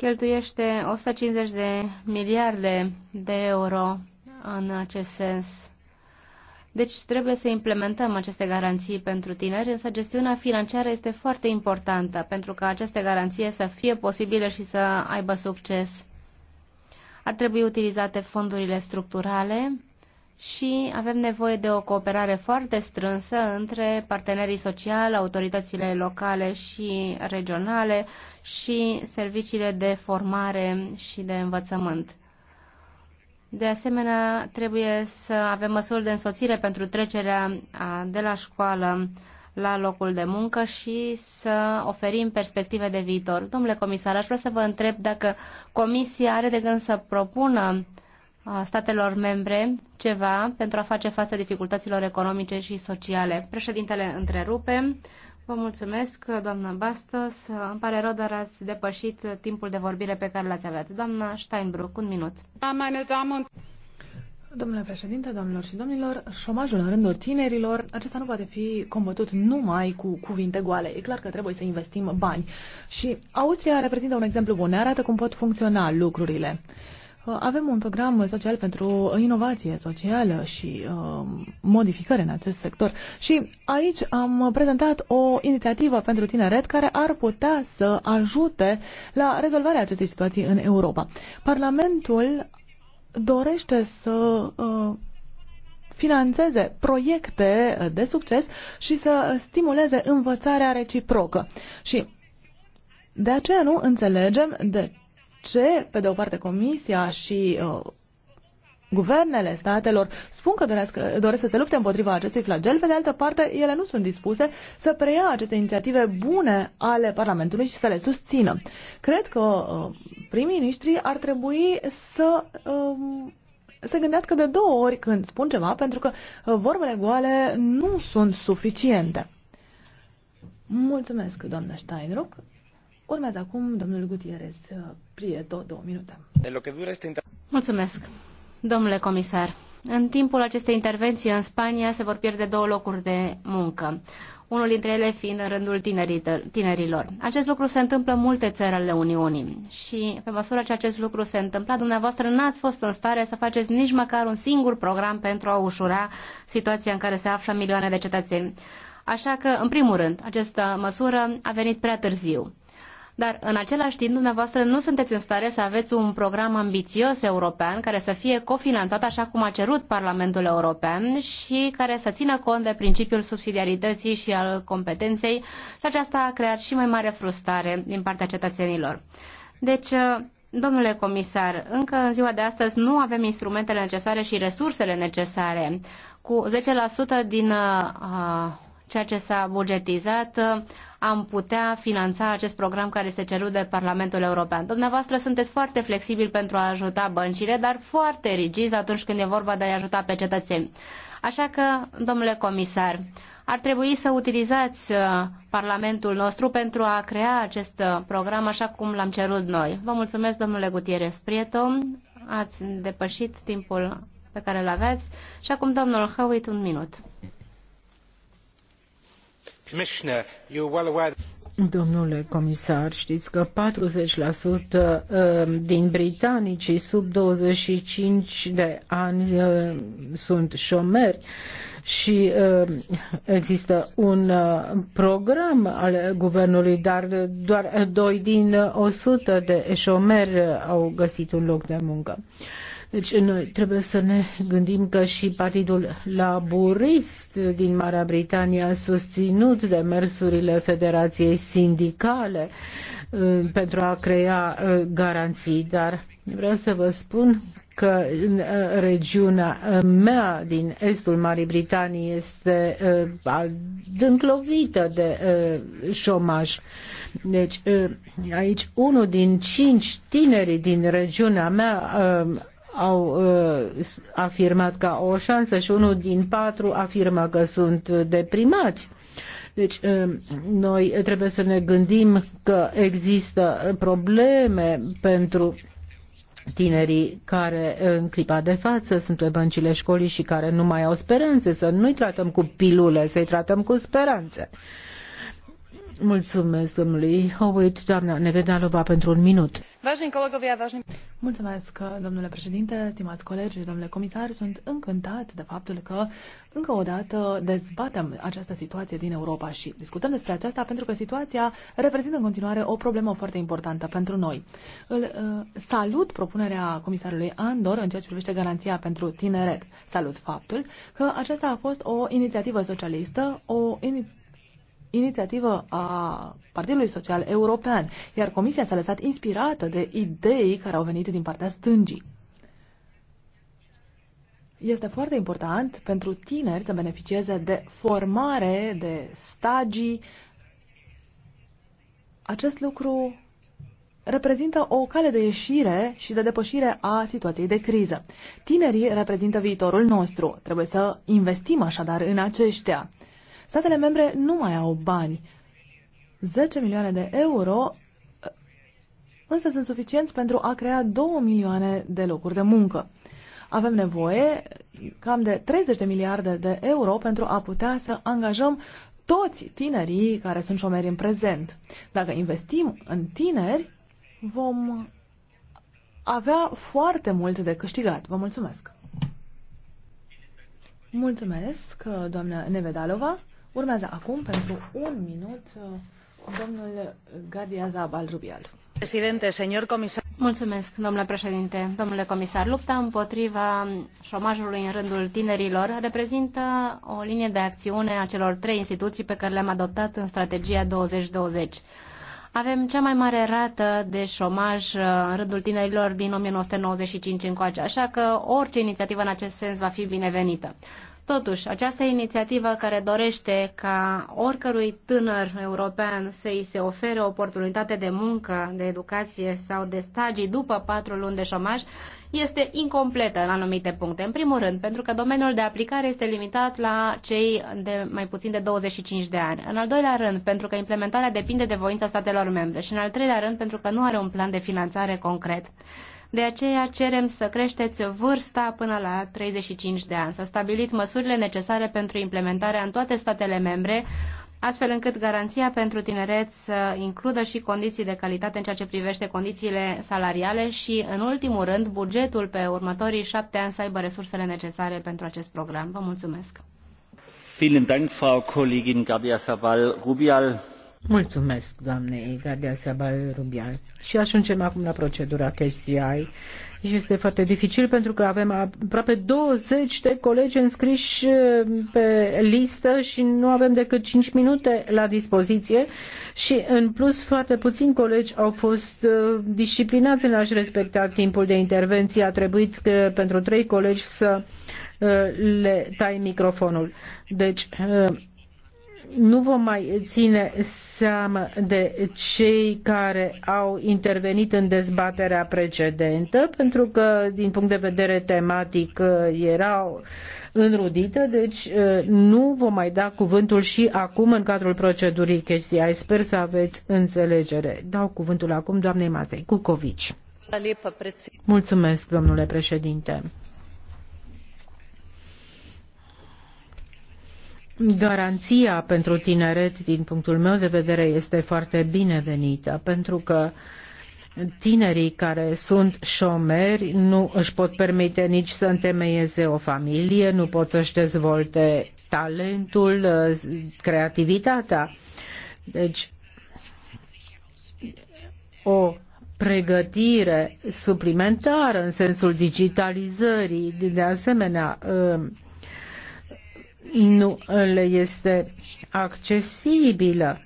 cheltuiește 150 de miliarde de euro în acest sens. Deci trebuie să implementăm aceste garanții pentru tineri, însă gestiunea financiară este foarte importantă pentru ca aceste garanții să fie posibile și să aibă succes. Ar trebui utilizate fondurile structurale și avem nevoie de o cooperare foarte strânsă între partenerii sociali, autoritățile locale și regionale și serviciile de formare și de învățământ. De asemenea, trebuie să avem măsuri de însoțire pentru trecerea de la școală la locul de muncă și să oferim perspective de viitor. Domnule comisar, aș vrea să vă întreb dacă Comisia are de gând să propună uh, statelor membre ceva pentru a face față dificultăților economice și sociale. Președintele întrerupe. Vă mulțumesc, doamna Bastos. Îmi pare rău, dar ați depășit timpul de vorbire pe care l-ați avut. Doamna Steinbrück, un minut. Da, Domnule președinte, domnilor și domnilor, șomajul în rândul tinerilor, acesta nu poate fi combătut numai cu cuvinte goale. E clar că trebuie să investim bani. Și Austria reprezintă un exemplu bun, ne arată cum pot funcționa lucrurile. Uh, avem un program social pentru inovație socială și uh, modificări în acest sector și aici am prezentat o inițiativă pentru tineret care ar putea să ajute la rezolvarea acestei situații în Europa. Parlamentul dorește să uh, financeze proiecte de succes și să stimuleze învățarea reciprocă. Și de aceea nu înțelegem de ce, pe de o parte, Comisia și uh, guvernele statelor spun că doresc, doresc să se lupte împotriva acestui flagel, pe de altă parte, ele nu sunt dispuse să preia aceste inițiative bune ale Parlamentului și să le susțină. Cred că uh, prim-ministrii ar trebui să. Um, se gândească de două ori când spun ceva, pentru că uh, vorbele goale nu sunt suficiente. Mulțumesc, doamnă Steinruck. Urmează acum domnul Gutierrez uh, Prieto, două minute. Mulțumesc, domnule comisar. În timpul acestei intervenții în Spania se vor pierde două locuri de muncă, unul dintre ele fiind în rândul tinerilor. Acest lucru se întâmplă în multe țări ale Uniunii și pe măsură ce acest lucru se întâmpla, dumneavoastră n-ați fost în stare să faceți nici măcar un singur program pentru a ușura situația în care se află milioane de cetățeni. Așa că, în primul rând, această măsură a venit prea târziu dar în același timp dumneavoastră nu sunteți în stare să aveți un program ambițios european care să fie cofinanțat așa cum a cerut Parlamentul European și care să țină cont de principiul subsidiarității și al competenței și aceasta a creat și mai mare frustrare din partea cetățenilor. Deci, Domnule comisar, încă în ziua de astăzi nu avem instrumentele necesare și resursele necesare. Cu 10% din uh, ceea ce s-a bugetizat am putea finanța acest program care este cerut de Parlamentul European. Dumneavoastră sunteți foarte flexibili pentru a ajuta băncile, dar foarte rigizi atunci când e vorba de a-i ajuta pe cetățeni. Așa că, domnule comisar, ar trebui să utilizați uh, Parlamentul nostru pentru a crea acest uh, program așa cum l-am cerut noi. Vă mulțumesc, domnule Gutierrez Prieto. Ați depășit timpul pe care îl aveți. Și acum, domnul Howitt, un minut. Domnule comisar, știți că 40% um, din britanicii sub 25 de ani um, sunt șomeri și um, există un uh, program al guvernului, dar doar doi din o sută de șomeri au găsit un loc de muncă. Deci noi trebuie să ne gândim că și Partidul Laburist din Marea Britanie a susținut demersurile Federației Sindicale uh, pentru a crea uh, garanții, dar vreau să vă spun că uh, regiunea mea din estul Marii Britanii este adânc lovită de șomaj. Deci aici unul din cinci tineri din regiunea mea au uh, afirmat ca o șansă și unul din patru afirmă că sunt deprimați. Deci uh, noi trebuie să ne gândim că există probleme pentru tinerii care uh, în clipa de față sunt pe băncile școlii și care nu mai au speranțe, să nu-i tratăm cu pilule, să-i tratăm cu speranțe. Mulțumesc domnului Howitt, doamna Nevedalova, pentru un minut. Mulțumesc, domnule președinte, stimați colegi, domnule comisar. Sunt încântat de faptul că încă o dată dezbatem această situație din Europa și discutăm despre aceasta pentru că situația reprezintă în continuare o problemă foarte importantă pentru noi. Îl, uh, salut propunerea comisarului Andor în ceea ce privește garanția pentru tineret. Salut faptul că aceasta a fost o inițiativă socialistă, o inițiativă inițiativă a Partidului Social European, iar Comisia s-a lăsat inspirată de idei care au venit din partea stângii. Este foarte important pentru tineri să beneficieze de formare, de stagii. Acest lucru reprezintă o cale de ieșire și de depășire a situației de criză. Tinerii reprezintă viitorul nostru. Trebuie să investim așadar în aceștia. Statele membre nu mai au bani. 10 milioane de euro uh, însă sunt suficienți pentru a crea 2 milioane de locuri de muncă. Avem nevoie cam de 30 de miliarde de euro pentru a putea să angajăm toți tinerii care sunt șomeri în prezent. Dacă investim în tineri, vom avea foarte mult de câștigat. Vă mulțumesc! Mulțumesc, doamna Nevedalova. Urmează acum, pentru un minut, domnul Gadia Zabal Rubial. Președinte, senior comisar. Mulțumesc, domnule președinte, domnule comisar. Lupta împotriva șomajului în rândul tinerilor reprezintă o linie de acțiune a celor trei instituții pe care le-am adoptat în strategia 2020. Avem cea mai mare rată de șomaj uh, în rândul tinerilor din 1995 încoace, așa că orice inițiativă în acest sens va fi binevenită. Totuși, această inițiativă care dorește ca oricărui tânăr european să îi se ofere oportunitate de muncă, de educație sau de stagii după patru luni de șomaj este incompletă în anumite puncte. În primul rând, pentru că domeniul de aplicare este limitat la cei de mai puțin de 25 de ani. În al doilea rând, pentru că implementarea depinde de voința statelor membre. Și în al treilea rând, pentru că nu are un plan de finanțare concret. De aceea cerem să creșteți vârsta până la 35 de ani. S-a stabilit măsurile necesare pentru implementarea în toate statele membre, astfel încât garanția pentru tineret să includă și condiții de calitate în ceea ce privește condițiile salariale și, în ultimul rând, bugetul pe următorii șapte ani să aibă resursele necesare pentru acest program. Vă mulțumesc! Vielen Dank, Frau Kollegin Gardia Sabal Rubial. Mulțumesc, doamne Gadea Sabal Rubial. Și ajungem acum la procedura Și Este foarte dificil pentru că avem aproape 20 de colegi înscriși eh, pe listă și nu avem decât 5 minute la dispoziție și în plus foarte puțini colegi au fost eh, disciplinați în a-și respecta timpul de intervenție. A trebuit că eh, pentru trei colegi să le tai microfonul. Deci nu vom mai ține seama de cei care au intervenit în dezbaterea precedentă, pentru că, din punct de vedere tematic, erau înrudite, deci nu vom mai da cuvântul și acum în cadrul procedurii chestia. Sper să aveți înțelegere. Dau cuvântul acum doamnei Matei Cucovici. Mulțumesc, domnule președinte. Garanția pentru tineret, din punctul meu de vedere, este foarte binevenită, pentru că tinerii care sunt șomeri nu își pot permite nici să întemeieze o familie, nu pot să-și dezvolte talentul, creativitatea. Deci, o pregătire suplimentară în sensul digitalizării, de asemenea, nu le este accesibilă.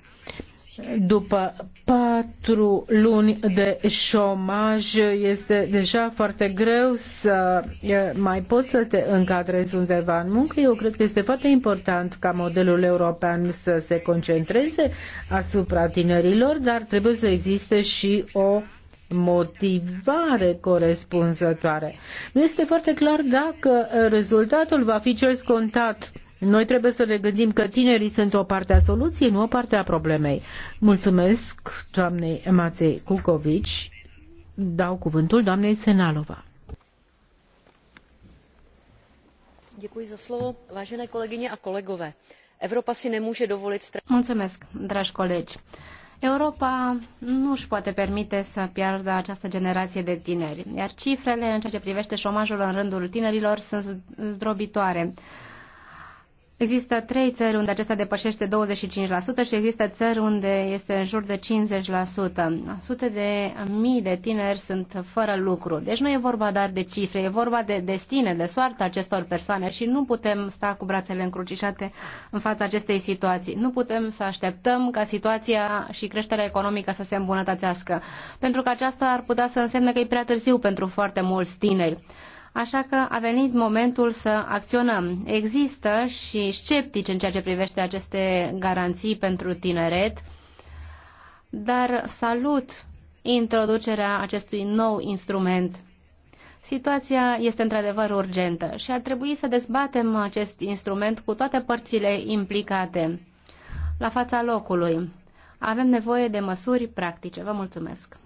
După patru luni de șomaj este deja foarte greu să mai poți să te încadrezi undeva în muncă. Eu cred că este foarte important ca modelul european să se concentreze asupra tinerilor, dar trebuie să existe și o motivare corespunzătoare. Nu este foarte clar dacă rezultatul va fi cel scontat noi trebuie să ne gândim că tinerii sunt o parte a soluției, nu o parte a problemei. Mulțumesc doamnei Emaței Cucovici. Dau cuvântul doamnei Senalova. Děkuji za slovo. Vážené kolegyně a kolegové, Evropa si nemůže dovolit... Mulțumesc, dragi colegi. Europa nu își poate permite să piardă această generație de tineri, iar cifrele în ceea ce privește șomajul în rândul tinerilor sunt zdrobitoare. Există trei țări unde acesta depășește 25% și există țări unde este în jur de 50%. Sute de mii de tineri sunt fără lucru. Deci nu e vorba doar de cifre, e vorba de destine, de soarta acestor persoane și nu putem sta cu brațele încrucișate în fața acestei situații. Nu putem să așteptăm ca situația și creșterea economică să se îmbunătățească, pentru că aceasta ar putea să însemne că e prea târziu pentru foarte mulți tineri. Așa că a venit momentul să acționăm. Există și sceptici în ceea ce privește aceste garanții pentru tineret, dar salut introducerea acestui nou instrument. Situația este într-adevăr urgentă și ar trebui să dezbatem acest instrument cu toate părțile implicate la fața locului. Avem nevoie de măsuri practice. Vă mulțumesc!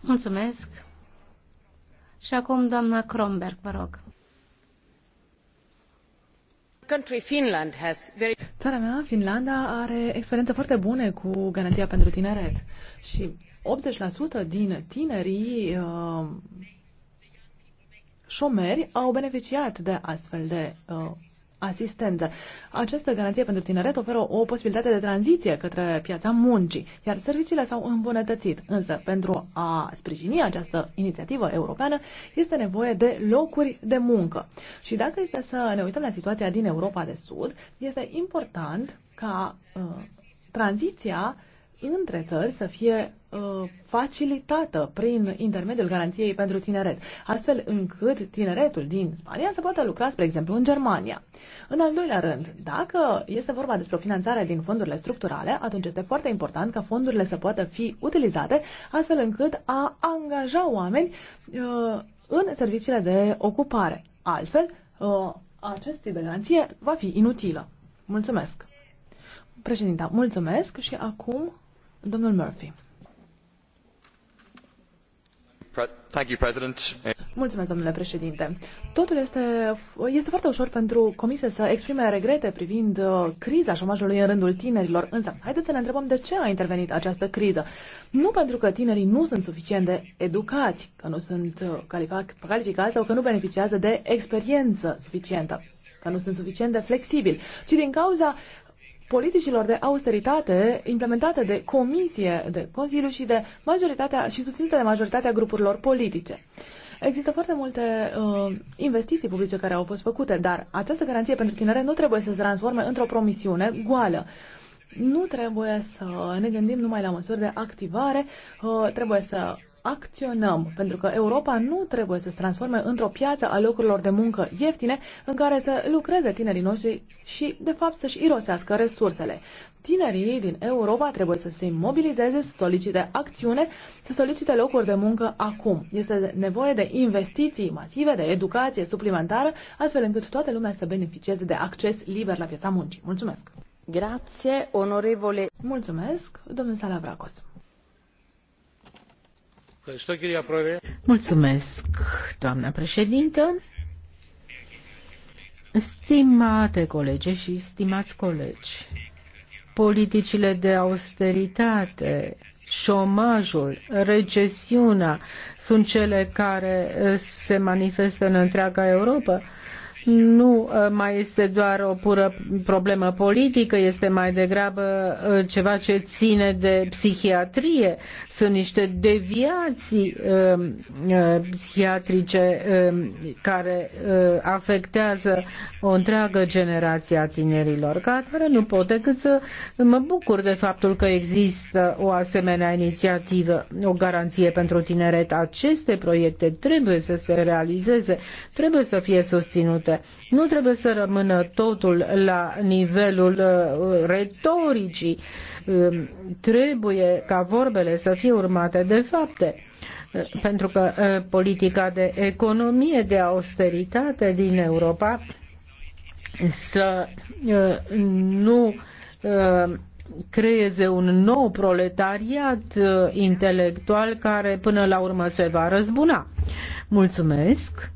Mulțumesc. Și acum doamna Kromberg, vă rog. Țara mea, Finlanda, are experiențe foarte bune cu garanția pentru tineret și 80% din tinerii uh, șomeri au beneficiat de astfel de uh, asistență. Această garanție pentru tineret oferă o posibilitate de tranziție către piața muncii, iar serviciile s-au îmbunătățit. Însă, pentru a sprijini această inițiativă europeană, este nevoie de locuri de muncă. Și dacă este să ne uităm la situația din Europa de Sud, este important ca uh, tranziția între țări să fie uh, facilitată prin intermediul garanției pentru tineret, astfel încât tineretul din Spania să poată lucra, spre exemplu, în Germania. În al doilea rând, dacă este vorba despre o finanțare din fondurile structurale, atunci este foarte important ca fondurile să poată fi utilizate astfel încât a angaja oameni uh, în serviciile de ocupare. Altfel, uh, acest tip de garanție va fi inutilă. Mulțumesc! Președinta, mulțumesc și acum Domnul Murphy. Mulțumesc, domnule președinte. Totul este, este foarte ușor pentru comisie să exprime regrete privind uh, criza șomajului în rândul tinerilor, însă haideți să ne întrebăm de ce a intervenit această criză. Nu pentru că tinerii nu sunt suficient de educați, că nu sunt uh, calificați sau că nu beneficiază de experiență suficientă că nu sunt suficient de flexibili, ci din cauza politicilor de austeritate implementate de Comisie, de Consiliu și, de majoritatea, și susținute de majoritatea grupurilor politice. Există foarte multe uh, investiții publice care au fost făcute, dar această garanție pentru tinere nu trebuie să se transforme într-o promisiune goală. Nu trebuie să ne gândim numai la măsuri de activare, uh, trebuie să acționăm, pentru că Europa nu trebuie să se transforme într-o piață a locurilor de muncă ieftine în care să lucreze tinerii noștri și, de fapt, să-și irosească resursele. Tinerii din Europa trebuie să se mobilizeze, să solicite acțiune, să solicite locuri de muncă acum. Este nevoie de investiții masive, de educație suplimentară, astfel încât toată lumea să beneficieze de acces liber la piața muncii. Mulțumesc! Grazie, onorevole! Mulțumesc, domnul Salavracos! Mulțumesc, doamna președintă. Stimate colege și stimați colegi, politicile de austeritate, șomajul, recesiunea sunt cele care se manifestă în întreaga Europa nu uh, mai este doar o pură problemă politică, este mai degrabă uh, ceva ce ține de psihiatrie. Sunt niște deviații um, uh, psihiatrice um, care afectează o întreagă generație a tinerilor. Ca atare nu pot decât să mă bucur de faptul că există o asemenea inițiativă, o garanție pentru tineret. Aceste proiecte trebuie să se realizeze, trebuie să fie susținute concrete. Nu trebuie să rămână totul la nivelul uh, retoricii. Um, trebuie ca vorbele să fie urmate de fapte uh, pentru că uh, politica de economie, de austeritate din Europa să nu creeze un nou proletariat intelectual care până la urmă se va răzbuna. Mulțumesc!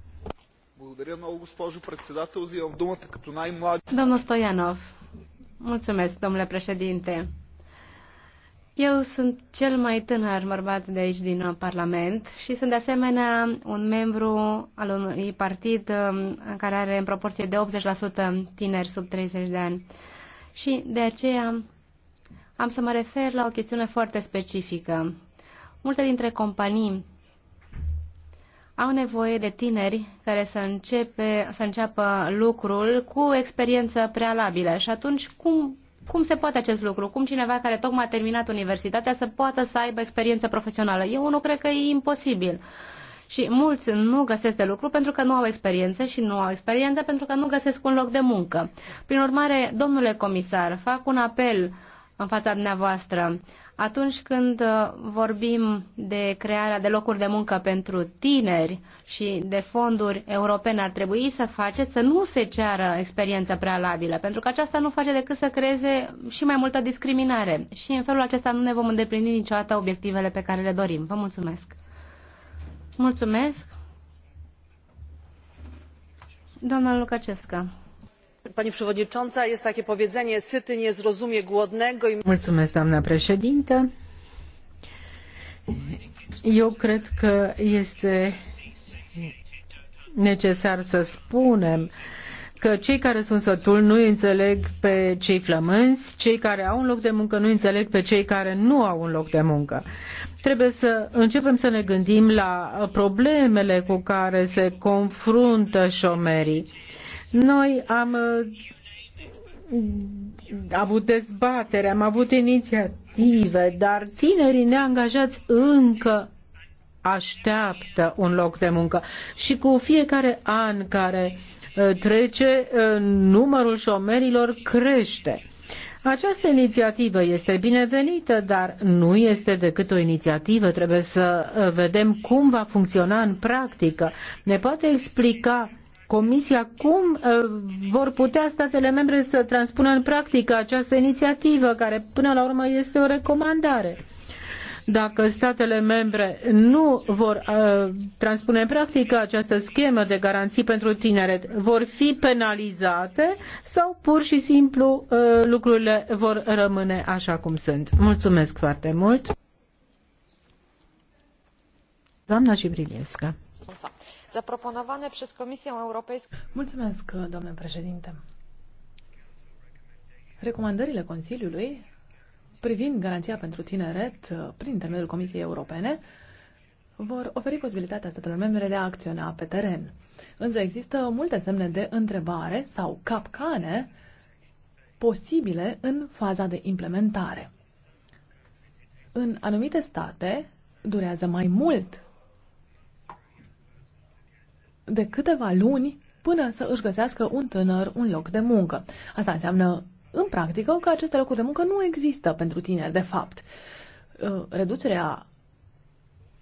Благодаря много, госпожо председател. Взимам думата като най-млад. Domnul Stoianov. Mulțumesc, domnule președinte. Eu sunt cel mai tânăr bărbat de aici din Parlament și sunt de asemenea un membru al unui partid um, care are în proporție de 80% tineri sub 30 de ani. Și de aceea am să mă refer la o chestiune foarte specifică. Multe dintre companii au nevoie de tineri care să, începe, să înceapă lucrul cu experiență prealabilă. Și atunci, cum, cum se poate acest lucru? Cum cineva care tocmai a terminat universitatea să poată să aibă experiență profesională? Eu nu cred că e imposibil. Și mulți nu găsesc de lucru pentru că nu au experiență și nu au experiență pentru că nu găsesc un loc de muncă. Prin urmare, domnule comisar, fac un apel în fața dumneavoastră. Uh, atunci când uh, vorbim de crearea de locuri de muncă pentru tineri și de fonduri europene, ar trebui să faceți să nu se ceară experiență prealabilă, pentru că aceasta nu face decât să creeze și mai multă discriminare. Și în felul acesta nu ne vom îndeplini niciodată obiectivele pe care le dorim. Vă mulțumesc! Mulțumesc! Doamna Lucacevska pani przewodnicząca! jest takie powiedzenie syty nie zrozumie głodnego. Mulțumesc, președintă. Eu cred că este necesar să spunem că cei care sunt sătul nu înțeleg pe cei flămânzi, cei care au un loc de muncă nu înțeleg pe cei care nu au un loc de muncă. Trebuie să începem să ne gândim la problemele cu care se confruntă șomerii noi am uh, avut dezbatere, am avut inițiative, dar tinerii neangajați încă așteaptă un loc de muncă. Și cu fiecare an care uh, trece, uh, numărul șomerilor crește. Această inițiativă este binevenită, dar nu este decât o inițiativă. Trebuie să vedem cum va funcționa în practică. Ne poate explica Comisia, cum uh, vor putea statele membre să transpună în practică această inițiativă, care până la urmă este o recomandare? Dacă statele membre nu vor uh, transpune în practică această schemă de garanții pentru tineret, vor fi penalizate sau pur și simplu uh, lucrurile vor rămâne așa cum sunt? Mulțumesc foarte mult! Doamna Gibriliesca zaproponowane przez Komisję Europejską. Mulțumesc, doamnă președinte. Recomandările Consiliului privind garanția pentru tineret uh, prin intermediul Comisiei Europene vor oferi posibilitatea statelor membre de a acționa pe teren. Însă există multe semne de întrebare sau capcane posibile în faza de implementare. În anumite state durează mai mult de câteva luni până să își găsească un tânăr un loc de muncă. Asta înseamnă, în practică, că aceste locuri de muncă nu există pentru tineri, de fapt. Uh, reducerea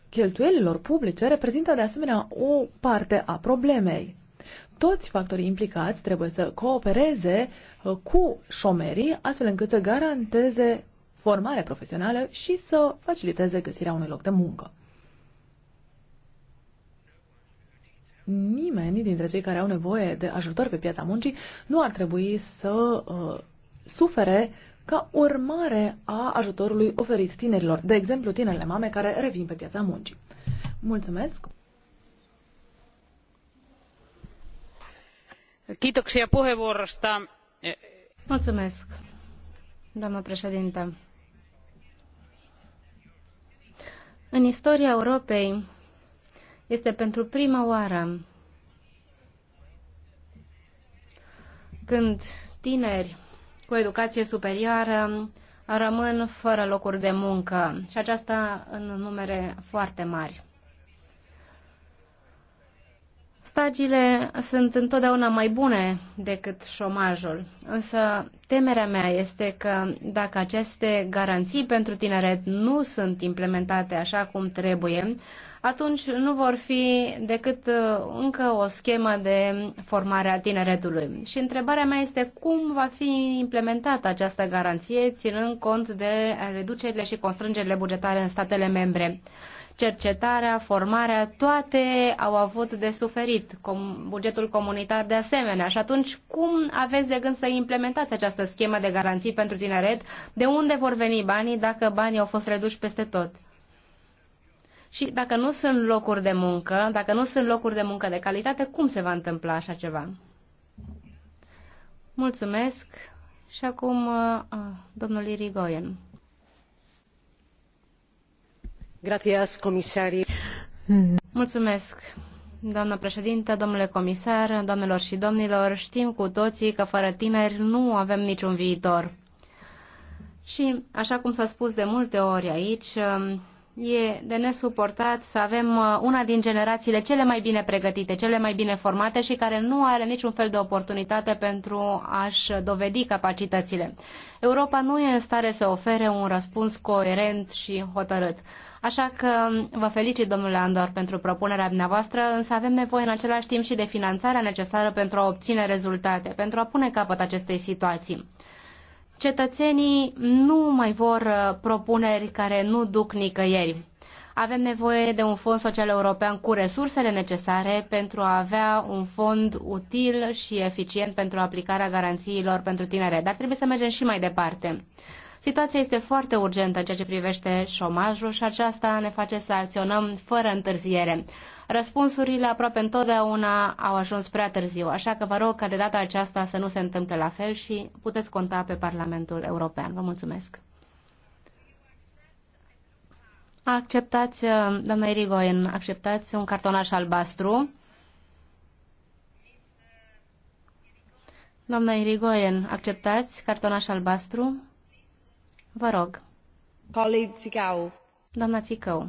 cheltuielilor publice reprezintă, de asemenea, o parte a problemei. Toți factorii implicați trebuie să coopereze uh, cu șomerii, astfel încât să garanteze formare profesională și să faciliteze găsirea unui loc de muncă. nimeni dintre cei care au nevoie de ajutor pe piața muncii nu ar trebui să uh, sufere ca urmare a ajutorului oferit tinerilor, de exemplu tinerile mame care revin pe piața muncii. Mulțumesc! Kiitoksia puheenvuorosta. Mulțumesc, doamnă președintă. În istoria Europei, este pentru prima oară când tineri cu educație superioară rămân fără locuri de muncă și aceasta în numere foarte mari. Stagiile sunt întotdeauna mai bune decât șomajul, însă temerea mea este că dacă aceste garanții pentru tineret nu sunt implementate așa cum trebuie, atunci nu vor fi decât uh, încă o schemă de formare a tineretului. Și întrebarea mea este cum va fi implementată această garanție, ținând cont de reducerile și constrângerile bugetare în statele membre cercetarea, formarea, toate au avut de suferit, com, bugetul comunitar de asemenea. Și atunci, cum aveți de gând să implementați această schemă de garanții pentru tineret? De unde vor veni banii dacă banii au fost reduși peste tot? Și dacă nu sunt locuri de muncă, dacă nu sunt locuri de muncă de calitate, cum se va întâmpla așa ceva? Mulțumesc. Și acum, uh, uh, domnul Irigoyen. Gracias, comisari. Mulțumesc. Doamnă președintă, domnule comisar, domnilor și domnilor, știm cu toții că fără tineri nu avem niciun viitor. Și, așa cum s-a spus de multe ori aici, um, e de nesuportat să avem uh, una din generațiile cele mai bine pregătite, cele mai bine formate și care nu are niciun fel de oportunitate pentru a-și dovedi capacitățile. Europa nu e în stare să ofere un răspuns coerent și hotărât. Așa că um, vă felicit, domnule Andor, pentru propunerea dumneavoastră, însă avem nevoie în același timp și de finanțarea necesară pentru a obține rezultate, pentru a pune capăt acestei situații. Cetățenii nu mai vor uh, propuneri care nu duc nicăieri. Avem nevoie de un fond social european cu resursele necesare pentru a avea un fond util și eficient pentru aplicarea garanțiilor pentru tinere, dar trebuie să mergem și mai departe. Situația este foarte urgentă în ceea ce privește șomajul și aceasta ne face să acționăm fără întârziere. Răspunsurile aproape întotdeauna au ajuns prea târziu, așa că vă rog ca de data aceasta să nu se întâmple la fel și puteți conta pe Parlamentul European. Vă mulțumesc! Acceptați, doamna Irigoyen, acceptați un cartonaș albastru. Doamna Irigoyen, acceptați cartonaș albastru? Vă rog. Colegi Țicău. Doamna Țicău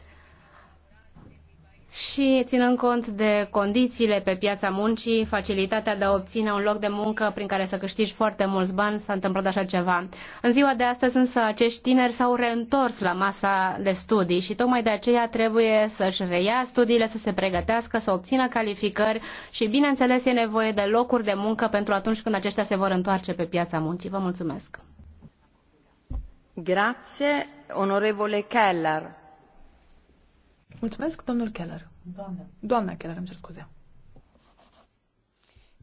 și ținând cont de condițiile pe piața muncii, facilitatea de a obține un loc de muncă prin care să câștigi foarte mulți bani, s-a întâmplat așa ceva. În ziua de astăzi însă acești tineri s-au reîntors la masa de studii și tocmai de aceea trebuie să-și reia studiile, să se pregătească, să obțină calificări și bineînțeles e nevoie de locuri de muncă pentru atunci când aceștia se vor întoarce pe piața muncii. Vă mulțumesc! Grazie, onorevole Keller. Mulțumesc, domnul Keller. Doamna. Doamna Keller, îmi cer scuze.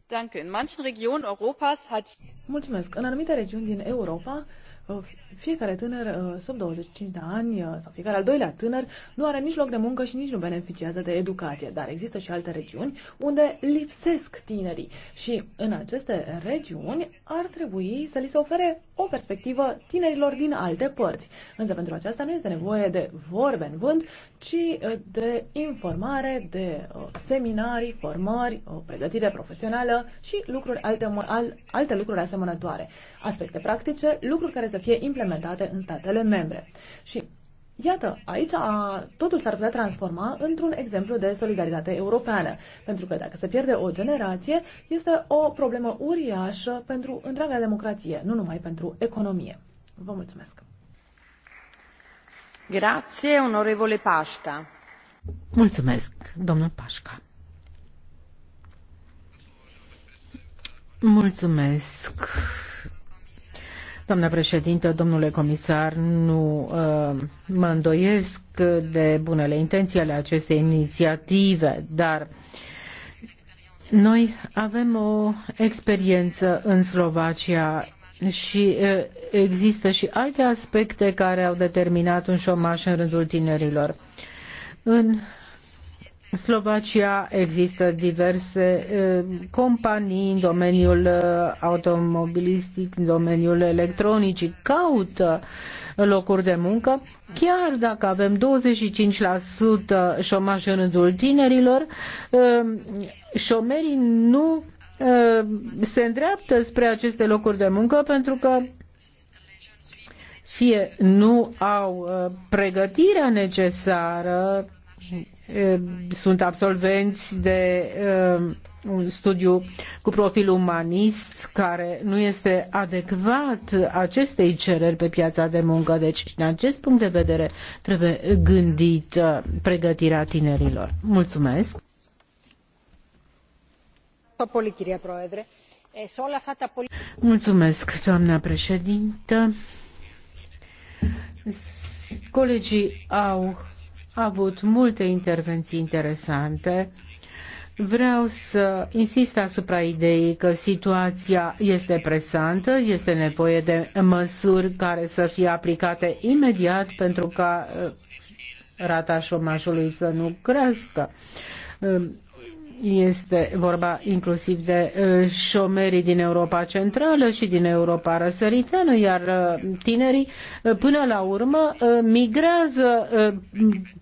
Danke. In manchen Regionen Europas hat... Mulțumesc. În anumite regiuni din Europa, Uh, fiecare tânăr uh, sub 25 de ani uh, sau fiecare al doilea tânăr nu are nici loc de muncă și nici nu beneficiază de educație, dar există și alte regiuni unde lipsesc tinerii și în aceste regiuni ar trebui să li se ofere o perspectivă tinerilor din alte părți. Însă pentru aceasta nu este nevoie de vorbe în vânt, ci de informare, de seminarii, formări, o pregătire profesională și lucruri alte, alte lucruri asemănătoare. Aspecte practice, lucruri care se să fie implementate în statele membre. Și Iată, aici a, totul s-ar putea transforma într-un exemplu de solidaritate europeană, pentru că dacă se pierde o generație, este o problemă uriașă pentru întreaga democrație, nu numai pentru economie. Vă mulțumesc! Grazie, onorevole Pașca. Mulțumesc, domnul Pașca. Mulțumesc. Doamna președintă, domnule comisar, nu uh, mă îndoiesc de bunele intenții ale acestei inițiative, dar noi avem o experiență în Slovacia și uh, există și alte aspecte care au determinat un șomaș în rândul tinerilor. În Slovacia există diverse companii în domeniul automobilistic, în domeniul electronicii, caută locuri de muncă, chiar dacă avem 25% șomaj în rândul tinerilor, șomerii nu se îndreaptă spre aceste locuri de muncă pentru că fie nu au pregătirea necesară Ehm, sunt absolvenți de ehm, un studiu cu profil umanist care nu este adecvat acestei cereri pe piața de muncă. Deci, din acest punct de vedere, trebuie gândit pregătirea tinerilor. Mulțumesc! Mulțumesc, doamna președintă. Colegii au avut multe intervenții interesante. Vreau să insist asupra ideii că situația este presantă, este nevoie de măsuri care să fie aplicate imediat pentru ca uh, rata șomajului să nu crească. Um, este vorba inclusiv de uh, șomerii din Europa Centrală și din Europa Răsăritană, iar uh, tinerii uh, până la urmă migrează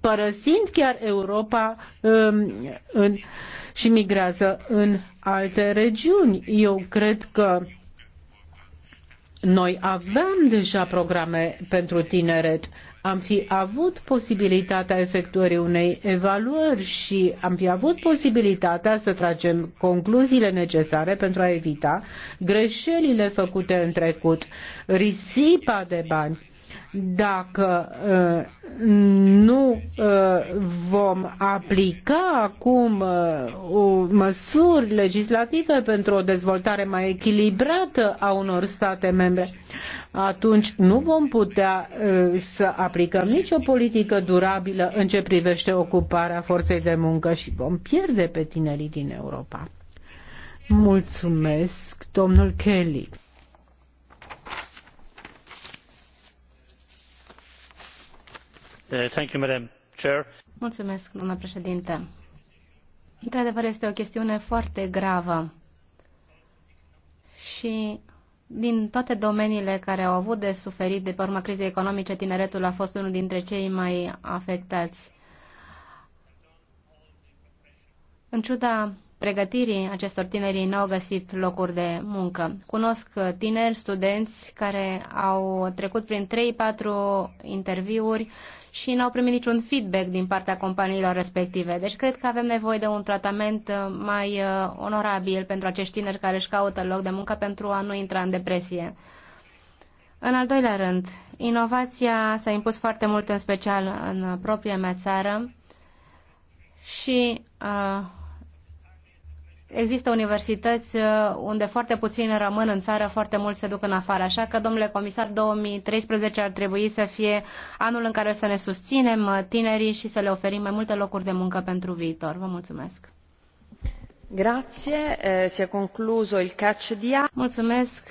părăsind chiar Europa um, în, și migrează în alte regiuni. Eu cred că noi avem deja programe pentru tineret, am fi avut posibilitatea efectuării unei evaluări și am fi avut posibilitatea să tragem concluziile necesare pentru a evita greșelile făcute în trecut, risipa de bani dacă uh, nu uh, vom aplica acum uh, măsuri legislative pentru o dezvoltare mai echilibrată a unor state membre, atunci nu vom putea să aplicăm nicio politică durabilă în ce privește ocuparea forței de muncă și vom pierde pe tinerii din Europa. Mulțumesc, domnul Kelly. Uh, Mulțumesc, președinte. Într-adevăr, este o chestiune foarte gravă și din toate domeniile care au avut de suferit de pe urma crizei economice, tineretul a fost unul dintre cei mai afectați. În ciuda pregătirii acestor tineri n-au găsit locuri de muncă. Cunosc tineri, studenți care au trecut prin 3-4 interviuri și n-au primit niciun feedback din partea companiilor respective. Deci cred că avem nevoie de un tratament mai uh, onorabil pentru acești tineri care își caută loc de muncă pentru a nu intra în depresie. În al doilea rând, inovația s-a impus foarte mult, în special în propria mea țară, și uh, Există universități uh, unde foarte puțini rămân în țară, foarte mulți se duc în afară. Așa că, domnule comisar, 2013 ar trebui să fie anul în care să ne susținem uh, tinerii și să le oferim mai multe locuri de muncă pentru viitor. Vă mulțumesc! Grazie, eh, se è concluso il catch di A. Mulțumesc,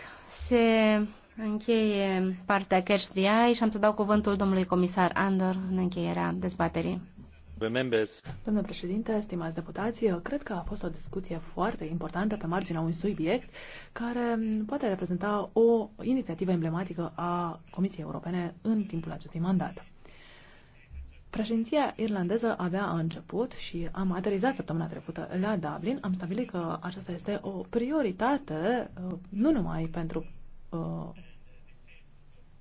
se încheie partea catch di A și am să dau cuvântul domnului comisar Andor în încheierea dezbaterii. Domnule președinte, stimați deputați, eu cred că a fost o discuție foarte importantă pe marginea unui subiect care poate reprezenta o inițiativă emblematică a Comisiei Europene în timpul acestui mandat. Președinția irlandeză avea început și am aterizat săptămâna trecută la Dublin. Am stabilit că aceasta este o prioritate uh, nu numai pentru uh,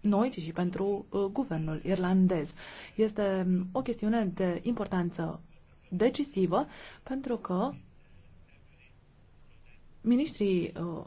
noi, ci și pentru uh, guvernul irlandez. Este mm, o chestiune de importanță decisivă pentru că ministrii uh,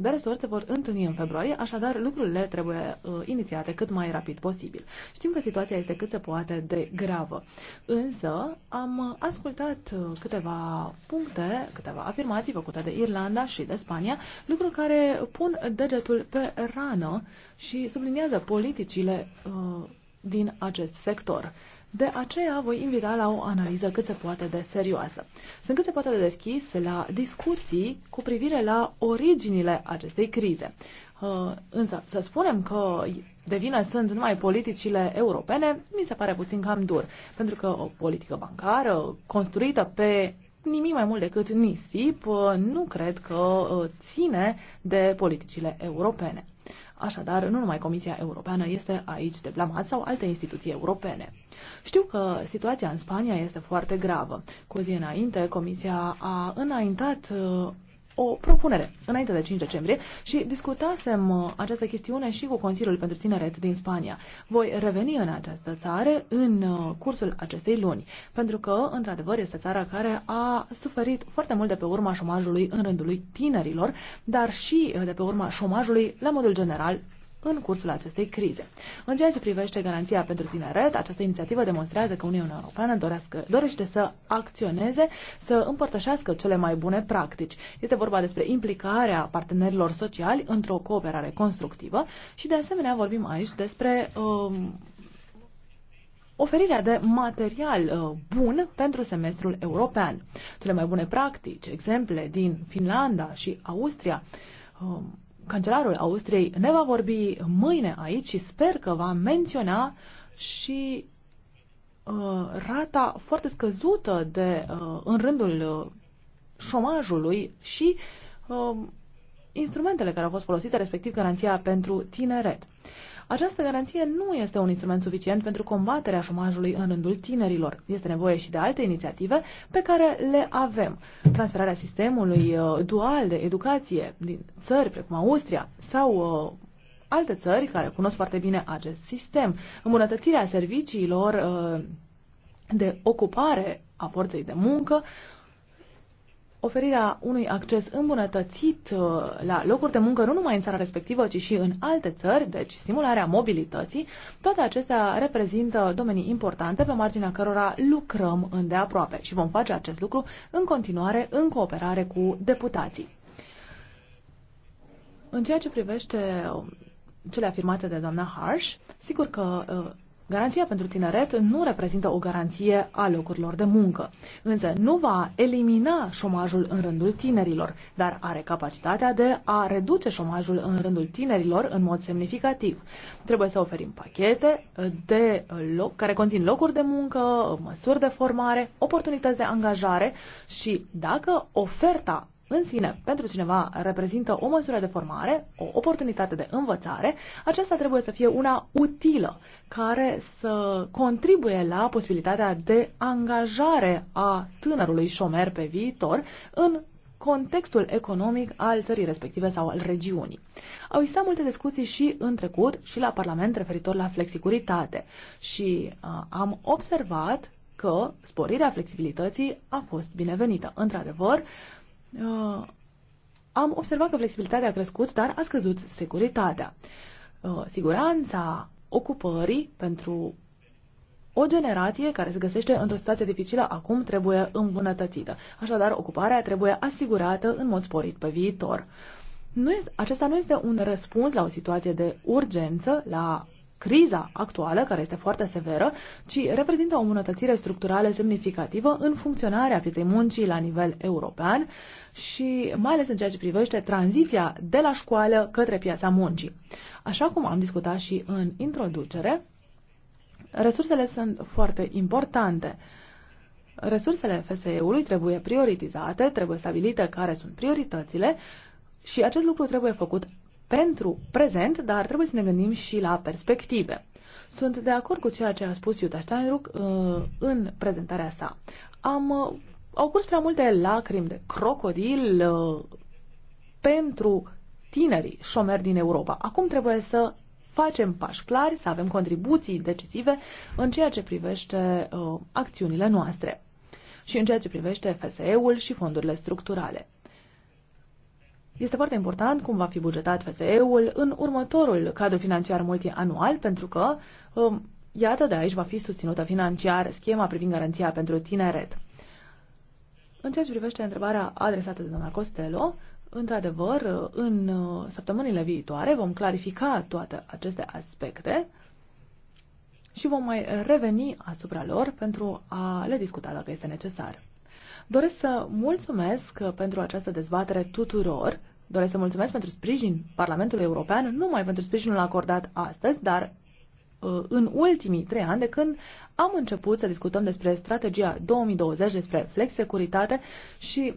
dar resort se vor întâlni în februarie, așadar lucrurile trebuie uh, inițiate cât mai rapid posibil. Știm că situația este cât se poate de gravă, însă am ascultat uh, câteva puncte, câteva afirmații făcute de Irlanda și de Spania, lucruri care pun degetul pe rană și subliniază politicile uh, din acest sector. De aceea voi invita la o analiză cât se poate de serioasă. Sunt cât se poate de deschis la discuții cu privire la originile acestei crize. Uh, însă, să spunem că de vină sunt numai politicile europene, mi se pare puțin cam dur, pentru că o politică bancară construită pe nimic mai mult decât nisip uh, nu cred că uh, ține de politicile europene. Așadar, nu numai Comisia Europeană este aici de blamat sau alte instituții europene. Știu că situația în Spania este foarte gravă. Cu zi înainte, Comisia a înaintat uh, o propunere înainte de 5 decembrie și discutasem uh, această chestiune și cu Consiliul pentru Tineret din Spania. Voi reveni în această țară în uh, cursul acestei luni, pentru că, într-adevăr, este țara care a suferit foarte mult de pe urma șomajului în rândul tinerilor, dar și uh, de pe urma șomajului la modul general în cursul acestei crize. În ceea ce privește garanția pentru tineret, această inițiativă demonstrează că Uniunea Europeană dorească, dorește să acționeze, să împărtășească cele mai bune practici. Este vorba despre implicarea partenerilor sociali într-o cooperare constructivă și de asemenea vorbim aici despre um, oferirea de material uh, bun pentru semestrul european. Cele mai bune practici, exemple din Finlanda și Austria, um, cancelarul Austriei ne va vorbi mâine aici și sper că va menționa și uh, rata foarte scăzută de, uh, în rândul uh, șomajului și uh, instrumentele care au fost folosite, respectiv garanția pentru tineret. Această garanție nu este un instrument suficient pentru combaterea șomajului în rândul tinerilor. Este nevoie și de alte inițiative pe care le avem. Transferarea sistemului uh, dual de educație din țări precum Austria sau uh, alte țări care cunosc foarte bine acest sistem, îmbunătățirea serviciilor uh, de ocupare a forței de muncă, oferirea unui acces îmbunătățit uh, la locuri de muncă, nu numai în țara respectivă, ci și în alte țări, deci stimularea mobilității, toate acestea reprezintă domenii importante pe marginea cărora lucrăm îndeaproape și vom face acest lucru în continuare în cooperare cu deputații. În ceea ce privește um, cele afirmate de doamna Harsh, sigur că uh, Garanția pentru tineret nu reprezintă o garanție a locurilor de muncă, însă nu va elimina șomajul în rândul tinerilor, dar are capacitatea de a reduce șomajul în rândul tinerilor în mod semnificativ. Trebuie să oferim pachete de loc, care conțin locuri de muncă, măsuri de formare, oportunități de angajare și, dacă oferta în sine pentru cineva reprezintă o măsură de formare, o oportunitate de învățare, aceasta trebuie să fie una utilă, care să contribuie la posibilitatea de angajare a tânărului șomer pe viitor în contextul economic al țării respective sau al regiunii. Au existat multe discuții și în trecut și la Parlament referitor la flexicuritate și uh, am observat că sporirea flexibilității a fost binevenită. Într-adevăr, uh, uh, am observat că flexibilitatea a crescut, dar a scăzut securitatea. Uh, siguranța ocupării pentru o generație care se găsește într-o situație dificilă acum trebuie îmbunătățită. Așadar, ocuparea trebuie asigurată în mod sporit pe viitor. Nu este, acesta nu este un răspuns la o situație de urgență, la criza actuală, care este foarte severă, ci reprezintă o îmbunătățire structurală semnificativă în funcționarea pieței muncii la nivel european și mai ales în ceea ce privește tranziția de la școală către piața muncii. Așa cum am discutat și în introducere, resursele sunt foarte importante. Resursele FSE-ului trebuie prioritizate, trebuie stabilite care sunt prioritățile și acest lucru trebuie făcut pentru prezent, dar trebuie să ne gândim și la perspective. Sunt de acord cu ceea ce a spus Iuta Steinruck uh, în prezentarea sa. Am, uh, au curs prea multe lacrimi de crocodil uh, pentru tinerii șomeri din Europa. Acum trebuie să facem pași clari, să avem contribuții decisive în ceea ce privește uh, acțiunile noastre și în ceea ce privește FSE-ul și fondurile structurale. Este foarte important cum va fi bugetat FSE-ul în următorul cadru financiar multianual, pentru că, um, iată, de aici va fi susținută financiar schema privind garanția pentru tineret. În ceea ce privește întrebarea adresată de doamna Costello, într-adevăr, în uh, săptămânile viitoare vom clarifica toate aceste aspecte și vom mai reveni asupra lor pentru a le discuta dacă este necesar. Doresc să mulțumesc pentru această dezbatere tuturor Doresc să mulțumesc pentru sprijin Parlamentului European, nu numai pentru sprijinul acordat astăzi, dar uh, în ultimii trei ani de când am început să discutăm despre strategia 2020, despre securitate și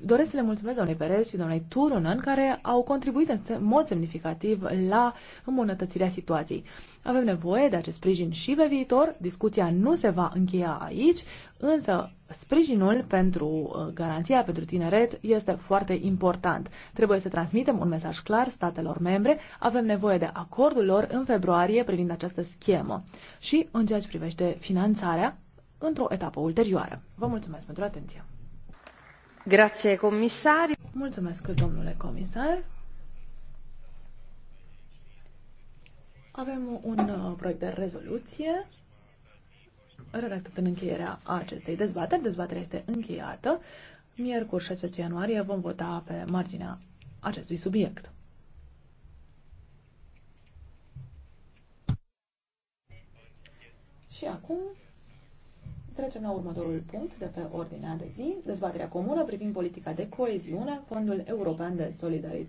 doresc să le mulțumesc doamnei Perez și doamnei Turunen, care au contribuit în mod semnificativ la îmbunătățirea situației. Avem nevoie de acest sprijin și pe viitor. Discuția nu se va încheia aici, însă sprijinul pentru uh, garanția pentru tineret este foarte important. Trebuie să transmitem un mesaj clar statelor membre. Avem nevoie de acordul lor în februarie privind această schemă și în ceea ce privește finanțarea într-o etapă ulterioară. Vă mulțumesc pentru atenție! Grazie, Mulțumesc, domnule comisar. Avem un uh, proiect de rezoluție redactat în încheierea acestei dezbateri. Dezbaterea este încheiată. Miercuri 16 ianuarie vom vota pe marginea acestui subiect. Și acum Trecem la următorul punct de pe ordinea de zi, dezbaterea comună privind politica de coeziune, Fondul European de Solidaritate.